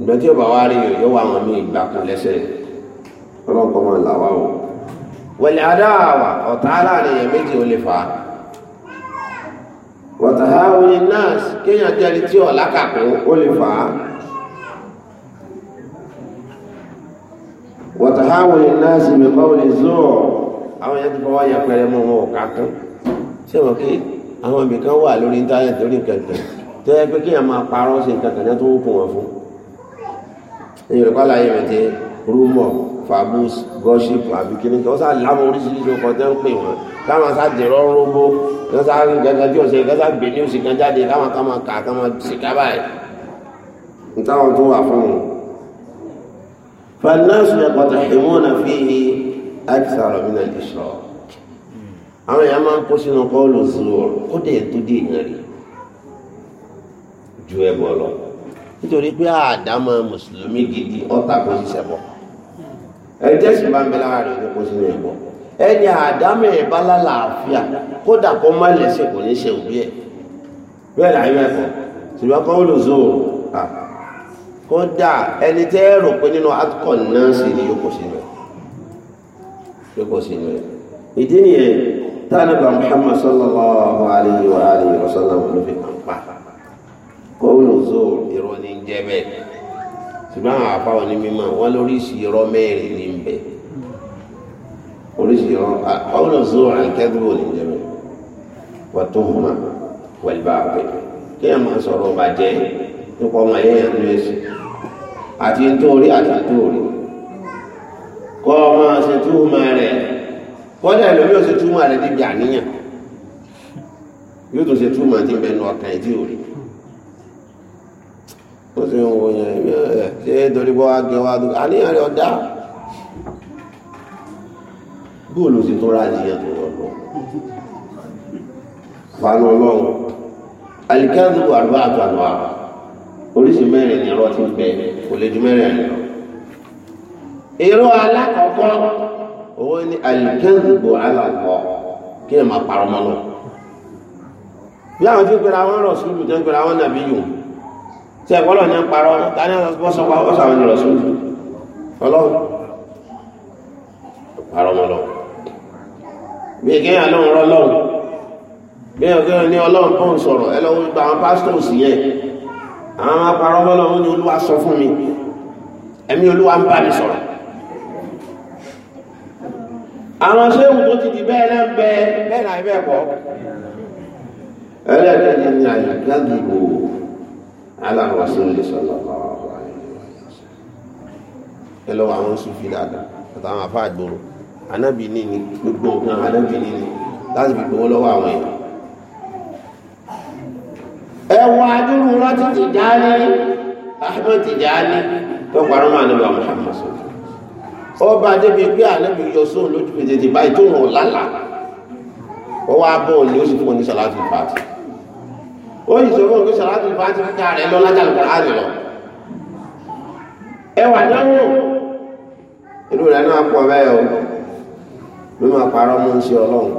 ìgbà tí ọba wa rí yàn yọ wà wọn ní ìgbà kan lẹ́sẹ̀ ọlọ́run kọ́ máa là wá o wẹ̀lẹ̀ adáwà ọ̀tá láàrin yẹn méjì ó lè fà á wọ̀tá àwọn nọ́ọ̀sì kéèyàn jẹ́rìí tí ọ̀la kàkún ó lè fà á wọ̀tá àwọn nọ́ọ̀sì mi kọ́ lè zọ́ àwọn yẹn ti fọwọ́ yẹn pẹ̀lẹ́ mọ́ wọn ò kàkún ṣé wọn kí àwọn ibìkan wà lórí íńtánẹ̀tì lórí kẹ̀kẹ́ tẹ́ pé kéèyàn máa parọ́ sí kẹ̀kẹ́ tó kún wọn fún ní yorùbá láyé rẹ̀ jẹ́ rúmọ̀ fabus gọ́ṣípù àbí kíní kí wọ́n sá láwọn oríṣiríṣi ọkọ̀ tẹ́ ń pè wọ́n káwọn sá dìrọ́ rógbó kí wọ́n sá gẹ́gẹ́ bí ọ̀sẹ̀ kí wọ́n sá gbé ní oṣù kan jáde káwọn ká máa kà káwọn sì ká àwọn èèyàn máa ń kó sínú kọ́ọ̀lù sí kó dẹ̀ tó dé ìyàn rí ju ẹ̀bọ̀ lọ nítorí pé àdámọ́ mùsùlùmí gidi ọ̀tà kò sí ṣẹbọ ẹ̀jẹ̀ sì bá ń bẹ lára rẹ̀ kó sínú ẹbọ ẹni àdámọ́ ẹ̀ bá lálàáfíà kódà kó má lẹ́sẹ̀ kò ní ṣe òbí ẹ̀ bẹ́ẹ̀ láyé mẹ́kọ̀ ṣùgbọ́n kọ́ ló zòòrò kódà ẹni tẹ́ rò pé nínú atkọ̀ náà sì ni yóò kó sínú ẹ̀ yóò kó sínú ẹ̀ ìdí nìyẹn tánàbà Muhammad sallallahu alayhi wa alihi wa sallam ló fi kàn kóòlù zool irọ́ ní jẹ́ bẹ́ẹ̀ ṣùgbọ́n àwọn àpá wọn ní mímọ́ wọn lóríṣi irọ́ mẹ́rin ní ń bẹ̀ oríṣi irọ́ kóòlù zool àìkẹ́dúró ní jẹ́ bẹ́ẹ̀ wọ́n tó mọ̀ wẹ̀lú bá bẹ̀ kí ẹ̀ máa sọ̀rọ̀ bàjẹ́ nípa ọmọ ẹ̀yẹ́ yẹn ní ẹ̀sìn àti nítorí àti nítorí kọ́ ọmọ ṣe túmọ̀ rẹ̀ kọ́dà ẹ̀lòmí ò ṣe túmọ̀ rẹ̀ níbi àníyàn yóò tún ṣe túmọ̀ àti ìbẹ̀nu ọ̀kan ẹ̀ tí ó sì ń wo yẹn ẹ ṣé torí bọ́ wá gẹ wá dùn àníyàn rẹ̀ ọ̀dá góòlù sì tó ráàyè yẹn tó lọ lọ fanu ọlọ́run alikẹ́ndù àdúrà àtàlùwà oríṣi mẹ́rin ni ọ̀rọ̀ ti ń bẹ kò lè ju mẹ́rin ẹ̀ lọ. èrò alákọ̀ọ́kọ́ owó ní alikẹ́ndù àlàkọ́ kí ẹ̀ máa parọ́ mọ́ lọ. bí àwọn tí ń pera wọn rọ̀ sùúrù tí ń pera wọn nàbí yòó ṣe ẹ̀kọ́lọ̀ ní parọ́ ọmọ ta ní ọ̀sán sọ pa ọ̀sán àwọn ìrọ̀sùn ọlọ́run parọ́ ọmọ lọ bí kéèyàn lóun rọ lọ́run bí kéèyàn ní ọlọ́run tó ń sọ̀rọ̀ ẹ lọ́wọ́ gba àwọn pastors yẹn àwọn máa parọ́ ọmọ lọ́run ní olúwa sọ àwọn ṣéwù tó ti di bẹ́ẹ̀ náà bẹ́ẹ̀ bẹ́ẹ̀ náà ibẹ̀ kọ́ ẹlẹ́ẹ̀kẹ́ ni àyàgbá gbogbo ala rasulillah sallallahu alaihi wasallam ẹ lọ àwọn sufi dáadáa àtàwọn afa àgbòrò anábì ní ni gbogbo nǹkan anábì ní ni láti fi gbowó lọ́wọ́ àwọn èèyàn ẹwà adúrú rántí Tijani Ahmad Tijani tó parọ́ máa nílò Muhammad sọ ọba débi pé anábì yọ sóun lójú fèdè báyìí tó hàn lálàá ọwọ́ abọ́ ni ó sì fún ọ ní sàlátì pàtì ó yìí sọ fún òkè sàrátù fàájì kíkà rẹ̀ lọ lájà lùkùránì lọ ẹwà dánwò inú rẹ̀ náà pọ̀ bẹ́ẹ̀ o ló máa parọ́ mú sí ọlọ́run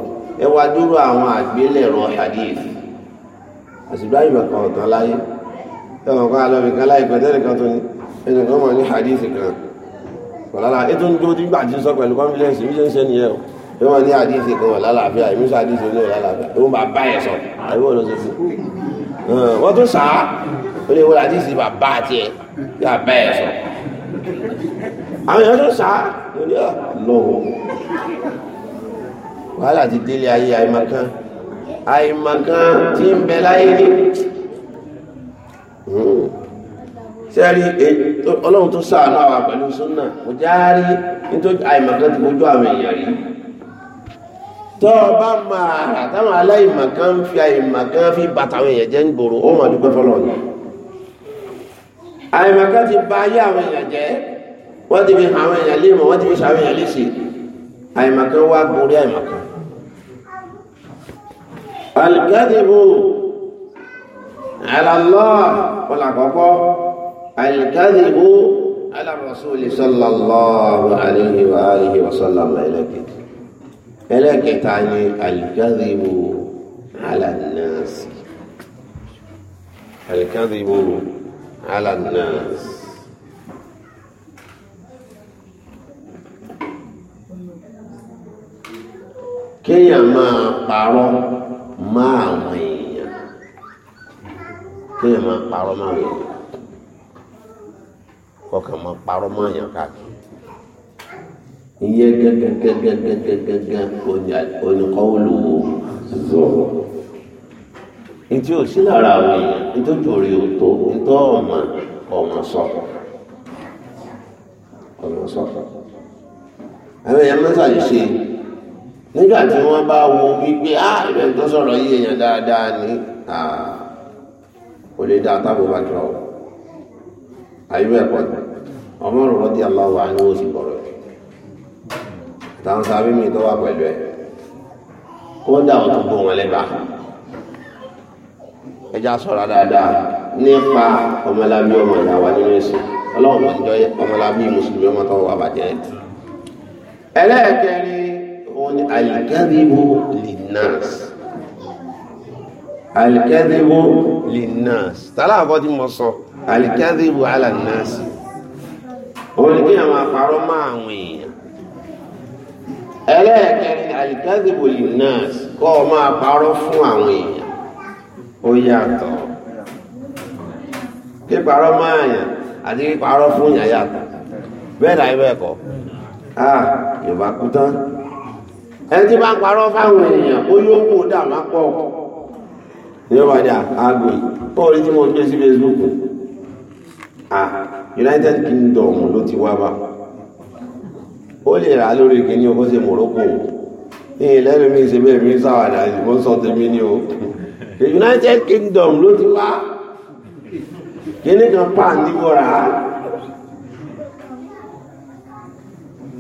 ẹwà dúró àwọn àgbélẹ̀rọ hadith àṣìgbà ìgbà kan ọ̀tàn láyé ẹwọ̀n kan alọ́bì kan láì pẹ̀lú ẹnìkan tó ní ẹnìkan mọ̀ ní hadith kan wọ̀lára ètò ń dúró tí gbà tí ń sọ pẹ̀lú confidence bí ṣe ń ṣe nìyẹn o ẹwọ̀n ní hadith kan wọ̀lálàáfíà ìmúṣà hadith ní wọ̀lálàáfíà ìwọ̀n bá bá ẹ̀ sọ àìwọ̀ ló ṣe fún wọ́n tún sá orí ewúrẹ́ àti ìsìn bàbá àti ẹ̀ yà bẹ́ẹ̀ sọ àwọn èèyàn tún sá orí ọlọ́wọ́ ah, wàhálà ti délé ayé àìmọ̀kan àìmọ̀kan tí ń bẹ láyé ní sẹ́rí hmm. ọlọ́run tó sáà náà wà pẹ̀lú súnà kò jáárí nítorí àìmọ̀kan ti gbójú àwọn èèyàn rí tó bá máa rà táwọn aláìmọ̀kan ń fi àìmọ̀kan fi bàtàwọn èèyàn jẹ́ ń gbòòrò ó mọ̀ dúpẹ́ fọ́lọ́ ni àìmọ̀kan ti ba ayé àwọn èèyàn jẹ́ wọ́n ti fi àwọn èèyàn lé mọ̀ wọ́n ti fi ṣàwọn èèyàn léṣe àìmọ̀kan wá borí àìmọ̀kan alìkádìbò alàlọ́ ọ̀làkọ́kọ́ alìkádìbò alàrọ̀sọ́lẹ̀ sallallahu alaihi wa alihi wa ẹlẹ́kẹ̀ẹ́ ẹlẹ́kẹta ni alikadibu alanasi alikadibu alanasi. kéèyàn máa parọ́ má àwọn èèyàn kéèyàn máa parọ́ má àwọn èèyàn kọkàn máa parọ́ má àyàn káàkiri ìyẹn gẹ́gẹ́gẹ́gẹ́gẹ́gẹ́ oníkọ́wòlò zọ̀rọ̀ ìtí ò sí lára àwọn èèyàn nítòjú orí òtó nítọ́ ọ̀mà ọ̀mà sọ ọ̀mà sọ àwọn èèyàn mẹ́ta yìí ṣe nígbà tí wọ́n bá wo wípé á ìbẹ̀rù tó sọ̀rọ̀ yí èèyàn dáadáa ní kò lè dá tábò bá jọ ayé bẹ́ẹ̀ pọ̀ ọmọ rọ̀rọ̀ tí aláwọ̀ àníwò sì bọ̀rọ̀ yìí táwọn sábẹ́ mi tó wà pẹ̀lú ẹ̀ kódà wọn tó gbó wọn lẹ́bàá ẹja sọ̀rọ̀ dáadáa nípa ọmọlábí ọmọ ìyàwó nínú ẹ̀sìn ọlọ́run máa ń jọ ọmọlábí mùsùlùmí ọmọ tó wà bàjẹ́ ẹlẹ́ẹ̀kẹrin òun ni àlìkẹ́rìbù linnas alikẹ́dìbò linnas tààlà àkọ́ tí mo sọ alikẹ́dìbò alannas òun ni kí àwọn àparọ́ máa àwọn èèyàn ẹlẹ́ẹ̀kẹrin àlìkẹ́sìbò nurse kọ́ máa parọ́ fún àwọn èèyàn ó yàtọ̀ píparọ́ máa yàn àti fún yàn yàtọ̀ bẹ́ẹ̀ láì bẹ́ẹ̀ kọ́ a yorùbá kú tán ẹni tí bá ń parọ́ fáwọn èèyàn ó yóò kó dàmá pọ̀ yorùbá dà àgbè ó rí tí mo gbé sí Facebook ah United Kingdom ló ti ó lè rà lórí kìíní ọkọ̀ ṣe Morocco ní ìlẹ́nu mi ṣe bẹ́ẹ̀ mi sáwàdà ìbò sọ tèmi ni o the United Kingdom ló ti wá kìíní kan pan ní mo rà á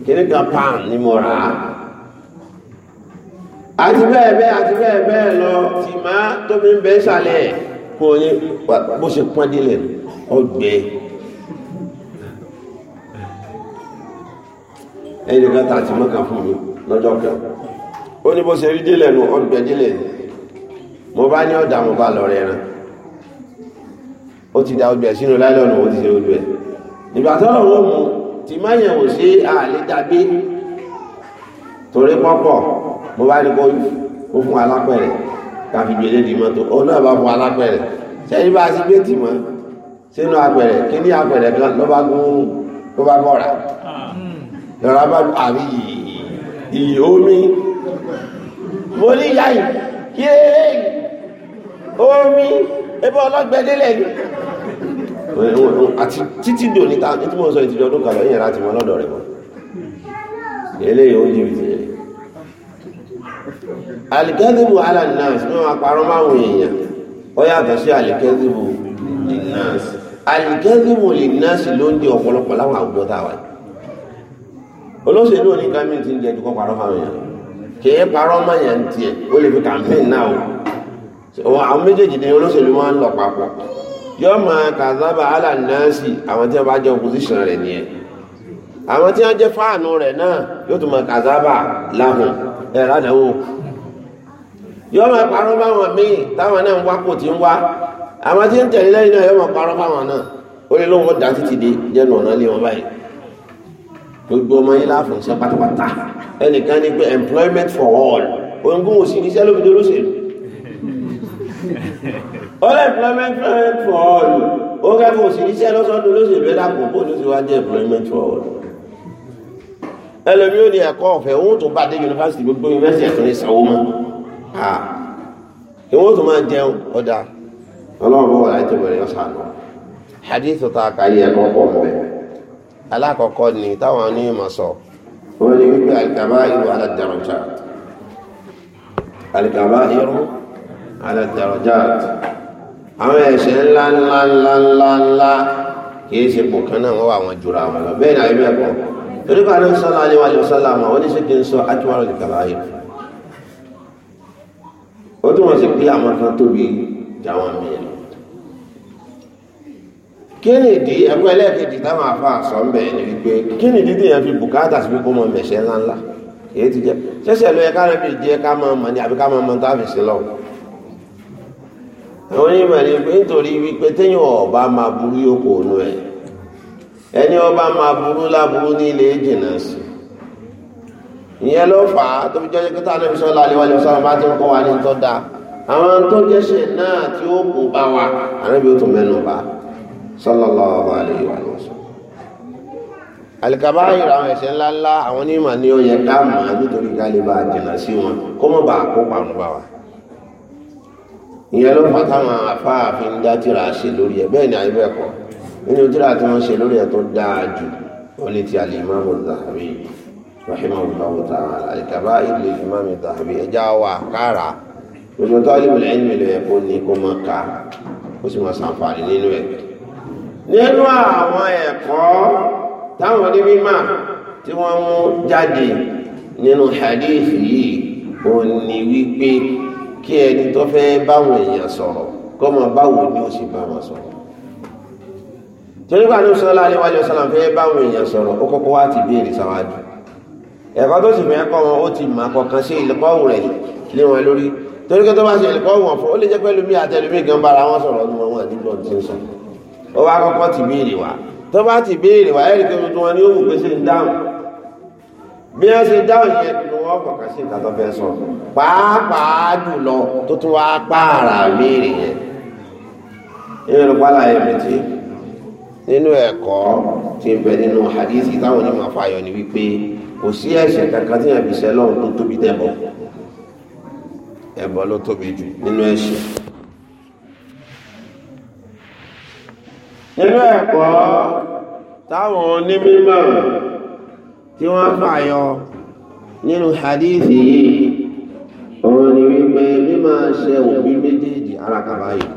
kìíní kan pan ní mo rà á àti bẹ́ẹ̀ bẹ́ẹ̀ àti bẹ́ẹ̀ bẹ́ẹ̀ lọ tì máa tóbi ń bẹ́ sálẹ̀ kò ní bó ṣe pọ́n délẹ̀ ọgbẹ́. ẹni kan tà tí mọ́ kan fún mi lọ́jọ́ kan ó ní bó ṣe rí délẹ̀ nu ọgbẹ́ délẹ̀ ni mo bá ní ọ̀dà mo bá lọ rẹ̀ ràn ó ti da ọgbẹ́ sínú láìlọ́nù ó ti ṣe ojú ẹ̀ ìgbà tọ́lọ̀ ló mú ti má yẹ̀wò sí àlè dàbí torí pọ́pọ̀ mo bá ní kó fún alápẹ̀rẹ̀ káfí gbélé di mọ́tò ó náà bá fún alápẹ̀rẹ̀ sẹ́yìn bá a ti gbé tì mọ́ sínú apẹ̀rẹ̀ kí ní apẹ̀rẹ̀ kan ló bá gún ló bá bọ̀rà lọ́la bá dùn àbí ìyè omi mo ní ìyá yìí yéé omi ebe ọlọ́gbẹ́dẹ́lẹ̀ ni àti títí dò níta tí mo sọ ìtìjọ ọdún kan lọ́yìn láti mọ lọ́dọ̀ rẹ̀ mọ́ eléyìí ó ń jìbìtì rẹ̀ alikẹ́dìbò alànàṣì ní wọn àparọ́ máwọn èèyàn ó yàtọ̀ sí alikẹ́dìbò lìnàṣì alikẹ́dìbò lìnàṣì ló ń di ọ̀pọ̀lọpọ̀ láwọn àwùjọ táwa yìí olóṣèlú òní kámi ti ń jẹ jùkọ́ parọ́ fáwọn èèyàn kì í parọ́ mọ̀yà ń tiẹ̀ ó lè o àwọn méjèèjì ni ń lọ papọ̀ máa kàzábà àwọn tí bá jẹ opposition nìyẹn àwọn tí jẹ fáànù náà yóò tún kàzábà láhùn ládàáwò máa parọ́ báwọn míì táwọn náà ń wá kò tí ń wá àwọn tí ń tẹ̀lé lẹ́yìn náà máa parọ́ báwọn náà ó lè gbogbo ọmọ yín láàfin iṣẹ́ pátápátá ẹnìkan ní pé employment for all oògùn òsì iṣẹ́ ló fi dúró all employment for all ó kẹ́kọ̀ọ́ òsì iṣẹ́ lọ́sọ́dún olóṣèlú ẹ̀dá kò kó ló ti wá jẹ́ employment for all ẹlòmí ò ní ẹ̀kọ́ ọ̀fẹ́ òun tó bá dé yunifásitì gbogbo yunifásitì ẹ̀tún ní sanwó mọ́ ìwọ́n tó máa jẹun ọ̀dà ọlọ́run bọ́ wà láti bẹ̀rẹ̀ ọ̀sán àná hadith tó ta àkàyè ẹ̀kọ́ ọ̀pọ̀ ọ̀bẹ̀ alákọ̀ọ́kọ́ ni táwọn onímọ̀ sọ ó ní wípé àlìkàbá ìlú aládàrọ̀jà àlìkàbá ìlú aládàrọ̀jà àwọn ẹ̀ṣẹ̀ ńlá ńlá ńlá ńlá ńlá kìí ṣe pò kan náà wọ́n wà wọn jùra wọn lọ bẹ́ẹ̀ náà ibẹ̀ kọ́ torí pa ní sọ́lá aléwà lè sọ́lá mọ́ ó ní sí kí n sọ ájúwárò àlìkàbá ìlú ó túnmọ̀ sí pé àwọn kan tóbi jáwọn mìíràn kí ni ìdí ẹgbẹ́ dị ta ma fa ń bẹ̀ ni wípé kí ni tí yẹn fi bùkátà sí kó mọ mẹ̀ṣẹ̀ ńláńlá èyí ti jẹ ṣẹ̀ṣẹ̀ ló yẹ ká jẹ ká máa mọ ní àbí ká máa mọ tá a fi sí lọ. àwọn onímọ̀ ni pé nítorí wípé ọba máa burú ọba máa burú láburú ní ilé jìnnà sí ìyẹn ló fà á tó fi da àwọn tó náà tí ó wa àrẹ́bí ó tún mẹ́nu bá a sallallahu alayhi wa sallam alikabaayir àwọn ẹ̀ṣẹ̀ ńláńlá àwọn onímọ̀ ní ó yẹ ká mọ̀ nítorí gálíbà jìnnà sí wọn kó mọ̀ bá kó parun bá wa ìyẹn ló fà táwọn afáàfin dá tìrà ṣe lórí ẹ̀ bẹ́ẹ̀ ni àyè bẹ́ẹ̀ kọ́ nínú tìrà tí wọ́n ṣe lórí ẹ̀ tó dáa jù ó nínú àwọn ẹ̀kọ́ táwọn ní mímọ̀ tí wọ́n mú jáde nínú hadith yìí ò ní wípé kí ẹni tó fẹ́ báwọn èèyàn sọ̀rọ̀ kọ́ mọ báwo ni ó sì bá wọn sọ̀rọ̀ torí pàdé sọ́lá aléwájú sọ́lá fẹ́ báwọn èèyàn sọ̀rọ̀ ó kọ́kọ́ wá ti béèrè sáwájú ẹ̀kọ́ tó sì fẹ́ kọ́ wọn ó ti mọ̀ kọ̀ọ̀kan sí ìlẹ́kọ̀ọ́ rẹ̀ lé wọn lórí torí pé tó bá ṣe ìlẹ́kọ̀ọ́ wọn fún ó lè jẹ́ pẹ́lú mi àtẹlùmí gan bára wọn sọ̀rọ̀ ní wọn wọn àdúgbò tí ń sọ̀rọ̀ ó wá kọ́kọ́ ti béèrè wá tó bá ti béèrè wá ẹ̀rí pé tuntun wọn ni ó wù pé ṣe ń dáhùn bí wọ́n ṣe dáhùn yẹn ni wọ́n kọ̀ọ̀kan sí nǹkan tó fẹ́ sọ pàápàá jùlọ tó tún wá pààrà béèrè yẹn nínú pálá ẹ̀mẹ̀tì nínú ẹ̀kọ́ tí ń bẹ nínú hadith táwọn onímọ̀ fàyọ ni wípé kò sí ẹ̀ṣẹ̀ kankan tí yẹn fi ṣẹlọ́run tó tóbi dẹ́bọ̀ ẹ̀bọ̀ ló tóbi jù nínú ẹ̀ṣẹ̀ nínú ẹ̀kọ́ táwọn onímọ̀ tí wọ́n fàyọ nínú hadithi yìí òun ni wípé mímọ̀ ṣe òbí méjèèjì alákàbá yìí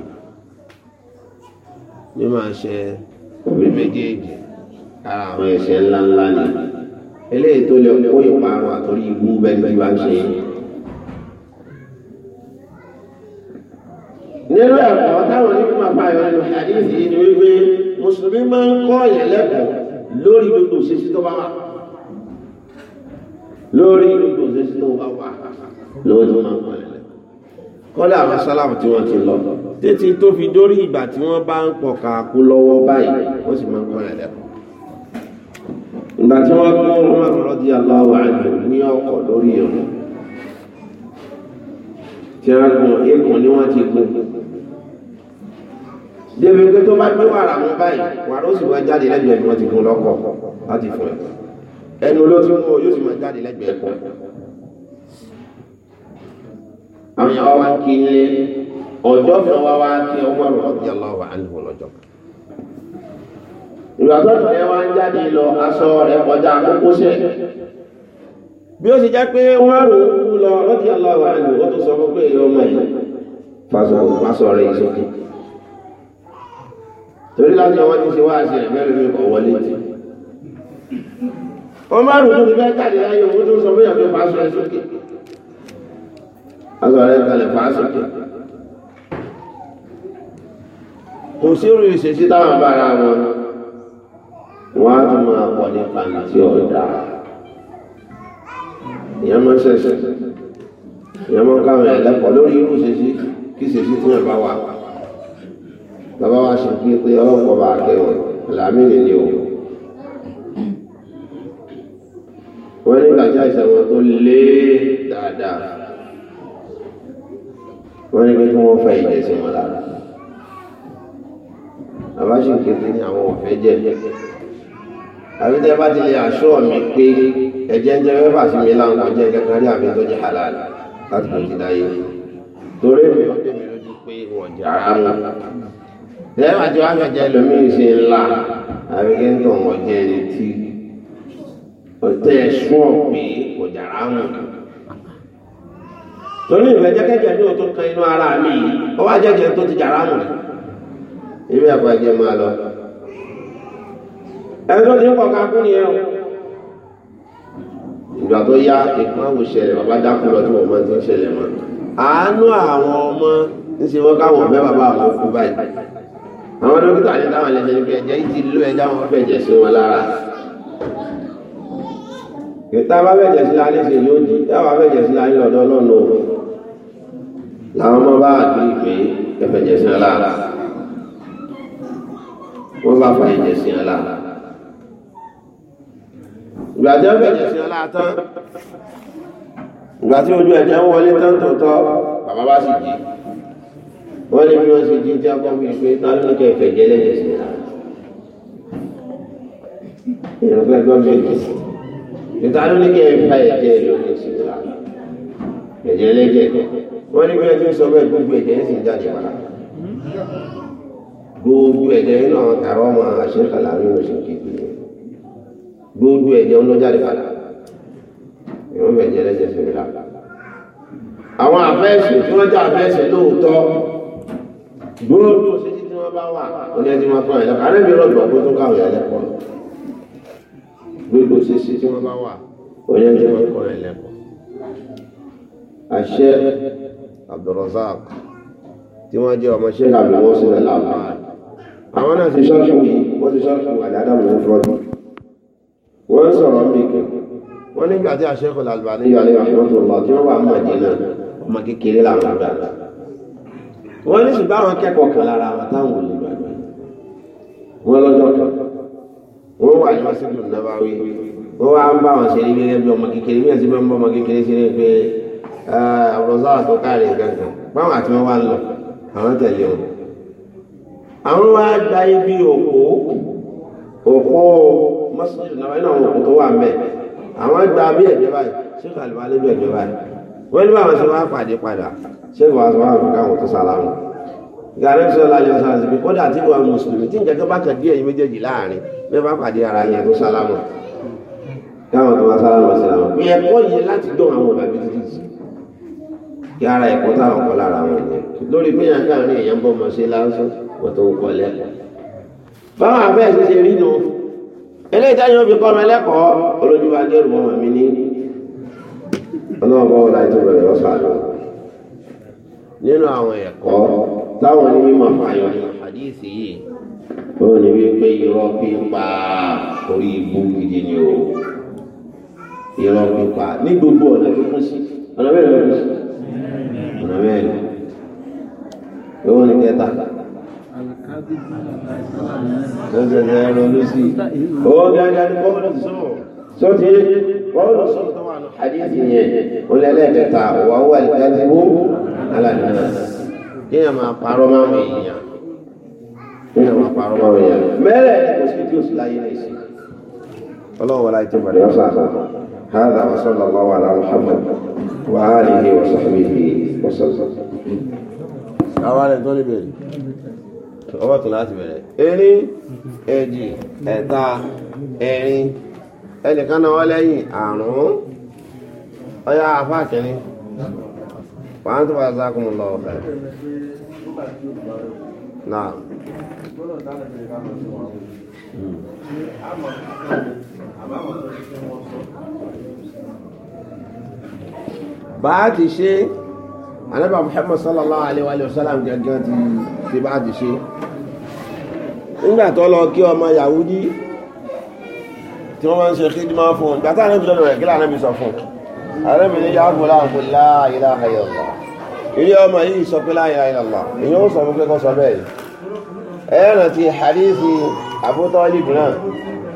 mímọ̀ ṣe òbí méjèèjì ara àwọn ẹ̀ṣẹ̀ ńláńlá ni eléyìí tó lè kó ìparun àtòrí ìwú bẹ́ẹ̀ bí wàá ṣe yìí. nínú ẹ̀kọ́ táwọn onímọ̀ apáyọ nínú àdéhìí yìí ni wípé mùsùlùmí máa ń kọ́ ọ̀yàn lẹ́kọ̀ọ́ lórí gbogbo òṣèṣì tó bá wà lórí gbogbo òṣèṣì tó bá wà lówó tó máa ń kọ́ ọ̀yàn lẹ́kọ̀ọ́. kọ́lá àwọn sálàmù tí wọ́n ti lọ títí tó fi dórí ìgbà tí wọ́n bá ń pọ̀ káàkó lọ́wọ́ báyìí wọ́n sì máa ń kọ́ ọ̀yàn lẹ́kọ̀ọ́. ìgbà tí wọ́n kọ́ ọmọ tí wọ́n gun eékùn ni wọ́n ti gun débi pé tó bá gbé wàrà mú báyìí wàrà ó sì wá jáde lẹ́gbẹ̀ẹ́ bí wọ́n ti gun lọ́kọ̀ láti fún ẹ ẹnu ló ti mú o yóò sì máa jáde lẹ́gbẹ̀ẹ́ pọ̀ àwọn yàrá wa kí ní ọjọ́ fún wa wá kí ọmọ rẹ̀ ọ̀dí aláwọ̀ àníwò lọ́jọ́ ìgbà tó tọ̀ ẹ wá ń jáde lọ aṣọ rẹ̀ kọjá kókósẹ̀ bí ó ṣe jẹ́ pé wọ́n rò ó lọ lọ́dí aláwọ̀ àlò ó tún sọ fún pé èyí ọmọ yìí fásọ rẹ̀ yìí sókè torí láti ọwọ́ ti ṣe wá àṣẹ ìbẹ̀rẹ̀ mi kọ̀ wọlé tì wọ́n má rò ó ti fẹ́ jáde láyé owó tó sọ kò sí orí ìṣesí táwọn bára wọn wọn á tún máa wọlé pàǹtí ọ̀dà èèyàn máa ń ṣẹ̀ṣẹ̀ èèyàn máa ń káwọn èèyàn lẹ́kọ̀ọ́ lórí irú ìṣesí kí ìṣesí tí yàn bá wà bàbá wa ṣe kí pé ọlọ́pọ̀ bá kẹwọn làmì nìyí o wọ́n nígbà tí àìsàn wọn tó lé dáadáa wọ́n ní pé kí wọ́n fẹ́ ìjẹ́ sí wọn lára bàbá ṣe kéde ní àwọn ọ̀fẹ́ jẹ́ àbí tẹ́ bá ti lè aṣọ mi pé ẹ̀jẹ̀ ń jẹ mẹ́fà sí mi láwọn ọjọ́ kẹta rí àmì tó jẹ́ halal láti mọ̀ ti dáyé torí mi ò dé mi lójú pé wọ́n jẹ́ àmú lẹ́yìn àti wàá fẹ̀jẹ̀ lómìn ṣe ńlá àbí kí n tó wọ́n jẹ́ ẹni tí ọ̀tẹ̀ ẹ̀sùn ọ̀pẹ̀ kò jàrá mọ̀ torí ìfẹ́ jẹ́kẹ́jẹ́ ní òtún kan inú ara mi ó wá jẹ́jẹ́ tó ti jàrá mọ̀ ìbí àpàjẹ́ máa lọ ẹni tó ti ń pọ̀ ká kú nìyẹn o ìgbà tó yá ìpín àwọn ìṣẹ̀lẹ̀ bàbá dákú lọ tí wọn máa ti ń ṣẹlẹ̀ mọ àánú àwọn ọmọ ń ṣe wọn káwọn ọbẹ bàbá àwọn kú báyìí àwọn dókítà ní táwọn ẹlẹjẹ ní pé ẹ̀jẹ̀ yìí ti lú ẹ̀jẹ̀ àwọn fẹjẹ sí wọn lára ìta bá fẹjẹ sí láyé ṣe yóò di táwọn fẹjẹ sí láyé lọ́dọ̀ Ọlọ́run òun làwọn ọmọ bá àdúrà ìpè ẹfẹjẹ sí wọn lára wọn bá fa ẹ̀jẹ̀ sí wọn lára ìgbà tí ó bẹ̀rẹ̀ sí ọlá tán ìgbà tí ojú ẹ̀jẹ̀ ń wọlé tán tòótọ́ bàbá bá sì jí wọ́n lè bí wọ́n ṣe jí tí a kọ́ bíi pé tá ló ẹ̀fẹ̀ jẹ́ lẹ́yìn sí náà mi lè sí ìta ẹ̀fẹ̀ ẹ̀jẹ̀ lónìí sí náà ẹ̀jẹ̀ lẹ́jẹ̀ wọ́n ní bí wọ́n ṣe sọ ẹ̀jẹ̀ ń sìn jáde ẹ̀jẹ̀ gbogbo ẹ̀jẹ̀ ń lọ jáde padà ìwọ́n fẹ̀ jẹ́ lẹ́jẹ̀ fèrè la. àwọn àfẹ́sẹ̀ tí wọ́n jẹ́ àfẹ́sẹ̀ lóòótọ́ gbogbo ṣẹ́jú tí wọ́n bá wà oní ẹni wọn fún àyẹ̀lẹ́ ààrẹ mi rọ̀gbọ̀n kó tó káwọn ẹ̀lẹ́ kọ́ gbogbo ṣẹ́jú tí wọ́n bá wà oní ẹni wọn kọ́ ẹ̀lẹ́ kọ́. àṣẹ Abdulrazak tí wọ́n jẹ́ ọmọ ṣẹ́gun àwọn sílẹ̀ làwọn àwọn náà ti ṣọ́ọ̀ṣù wọ́n ti ṣọ́ọ̀ṣù àdáadáa mọ̀ fún ọdún wọ́n sọ̀rọ̀ ń bì kẹ́ wọ́n nígbà tí aṣẹ́kọ̀ọ́ làlùbá ní yọ̀ọ́ nígbà tí wọ́n tó lọ tí wọ́n wà mọ̀ jìnnà ọmọ kékeré làwọn àgbà wọ́n ní ṣùgbọ́n àwọn akẹ́kọ̀ọ́ kan lára àwọn táwọn ò lè gbàgbé wọ́n lọ́jọ́ kan wọ́n wà ní wàsíkù nàbáwí wọ́n wá ń bá wọn ṣe níbi ẹgbẹ́ ọmọ kékeré bí ẹ̀sìn bá ń bọ́ ọmọ kékeré ṣe mọ́sídìí náà iná àwọn òkú tó wà mẹ́ àwọn gba bí ẹ̀jẹ̀ báyìí ṣé kàlí wà lójú ẹ̀jẹ̀ báyìí wọ́n ní báwọn ṣe wá pàdé padà ṣé kò wá sọ wá nǹkan àwọn tó sálámù gàrí sọ lálẹ́ ọ̀sán àti bí kódà tí wọ́n mùsùlùmí tí nǹkan tó bá kẹ̀ díẹ̀ yìí méjèèjì láàrin bẹ́ẹ̀ bá pàdé ara yẹn tó sálámù káwọn tó wá sálámù sí àwọn pé ẹ̀kọ́ yẹn láti dán àwọn ọ̀gá bí títí sí kí ara eléyìí táyọ̀ fi kọ́ ọmọ ẹlẹ́kọ̀ọ́ olójúwa jẹ́rù mọ́ mi ní ọlọ́ọ̀bọ̀ ọ̀la ètò bẹ̀rẹ̀ ọ̀sán àná nínú àwọn ẹ̀kọ́ táwọn onímọ̀ fàyọ àdíìsì yìí ó ní wípé irọ́ pípa orí ibú gidi ni o irọ́ pípa ní gbogbo ọ̀nà kíkún sí ọ̀nà mẹ́rin ọ̀nà mẹ́rin ìwọ ni kẹta lọ́sẹ̀sẹ̀ ẹ̀rọ ló sí ó dáadáa ní kọ́mọ̀lù sọ́ọ̀ tó ti kọ́mọ̀lù sọ́ọ̀ tó wà lọ. àdìsí yẹn ó lẹ́lẹ́kẹta wà ó wà nígbà tí ó alàdìmọ́ kéèyàn máa parọ́ máa mọ èèyàn kéèyàn máa parọ́ máa mọ èèyàn mẹ́rẹ̀ kò sí tí ó sì láyé lè ṣe. ọlọ́run wọlé àìtó bàdé ọ̀sán àtàn هذا وصلى الله على محمد وآله وصحبه وسلم. Àwọn àlejò lè bẹ̀rẹ̀ ọwọ́ tún láti bẹ̀rẹ̀ erin èjì ẹ̀ta ẹ̀rin ẹnìkan náà wọ́n lẹ́yìn àrùn ọyá afá kẹrin wọ́n tó bá zákùn lọ ọ̀fẹ́ náà bá a ti ṣe anábà Muhammad sallallahu alaihi wa sallam gẹ́gẹ́ ti ṣe bá ṣe nígbà tó lọ kí ọmọ Yahudi tí wọ́n máa ń ṣe kídímọ́ fún ìgbà tá àrẹ́bì lọ́dọ̀ rẹ̀ kí lànà bí sọ fún àrẹ́bì ní yàgò láàbò láàyèlá àyẹ̀lá ilé ọmọ yìí sọ pé láàyèlá àyẹ̀lá èyàn ó sọ fún pé kọ́ sọ bẹ́ẹ̀ ẹ̀rọ ti hadithi Abu Talib náà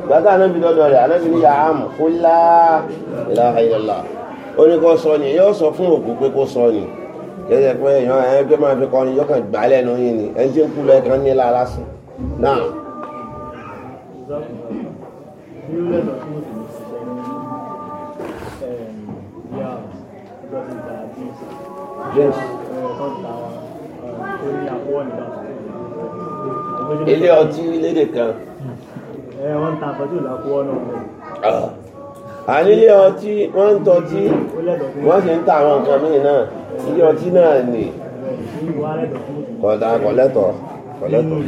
ìgbà tá àrẹ́bì lọ́dọ̀ rẹ̀ àrẹ́bì ní yàhámù kó láàyèlá àyẹ̀lá ó ní kọ́ sọ ni yóò sọ fún Now. yes. ilé ọtí lédè kan. ẹ wọ́n ń ta ah. àpọ̀jù làkúwọ́ náà ànílé ọtí wọ́n ń tọ́tí wọ́n sì ń ta àwọn nǹkan míì náà ilé ọtí náà nì kọ̀dà kọ̀lẹ́tọ̀ kọ̀lẹ́tọ̀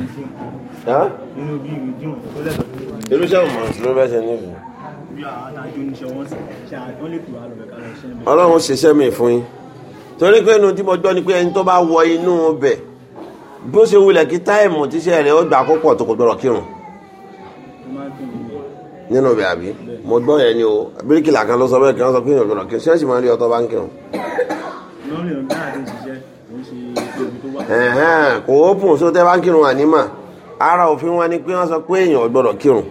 irú iṣẹ́ òmùmọ̀ ló bẹ́ẹ̀ ṣe níbi. ọlọ́run ṣiṣẹ́ mi fún yín torí pé inú tí mo gbọ́ ni pé ẹni tó bá wọ inú ọbẹ̀ bó ṣe wulẹ̀ kí táìmù tíṣẹ́ rẹ̀ ó gbà kó pọ̀ tó kò gbọ́dọ̀ kírun nínú bẹ àbí mo gbọ́ yẹn ni o bíríkìlà kan ló sọ bẹ́ẹ̀ kí wọ́n sọ pé èèyàn gbọ́dọ̀ kí ṣẹ́ẹ̀sì máa ń rí ọtọ́ bá ń kírun. kò ó pùn sótẹ́ bá ń kírun ànímà ara òfin wa ni pé wọ́n sọ pé èèyàn ò gbọ́dọ̀ kírun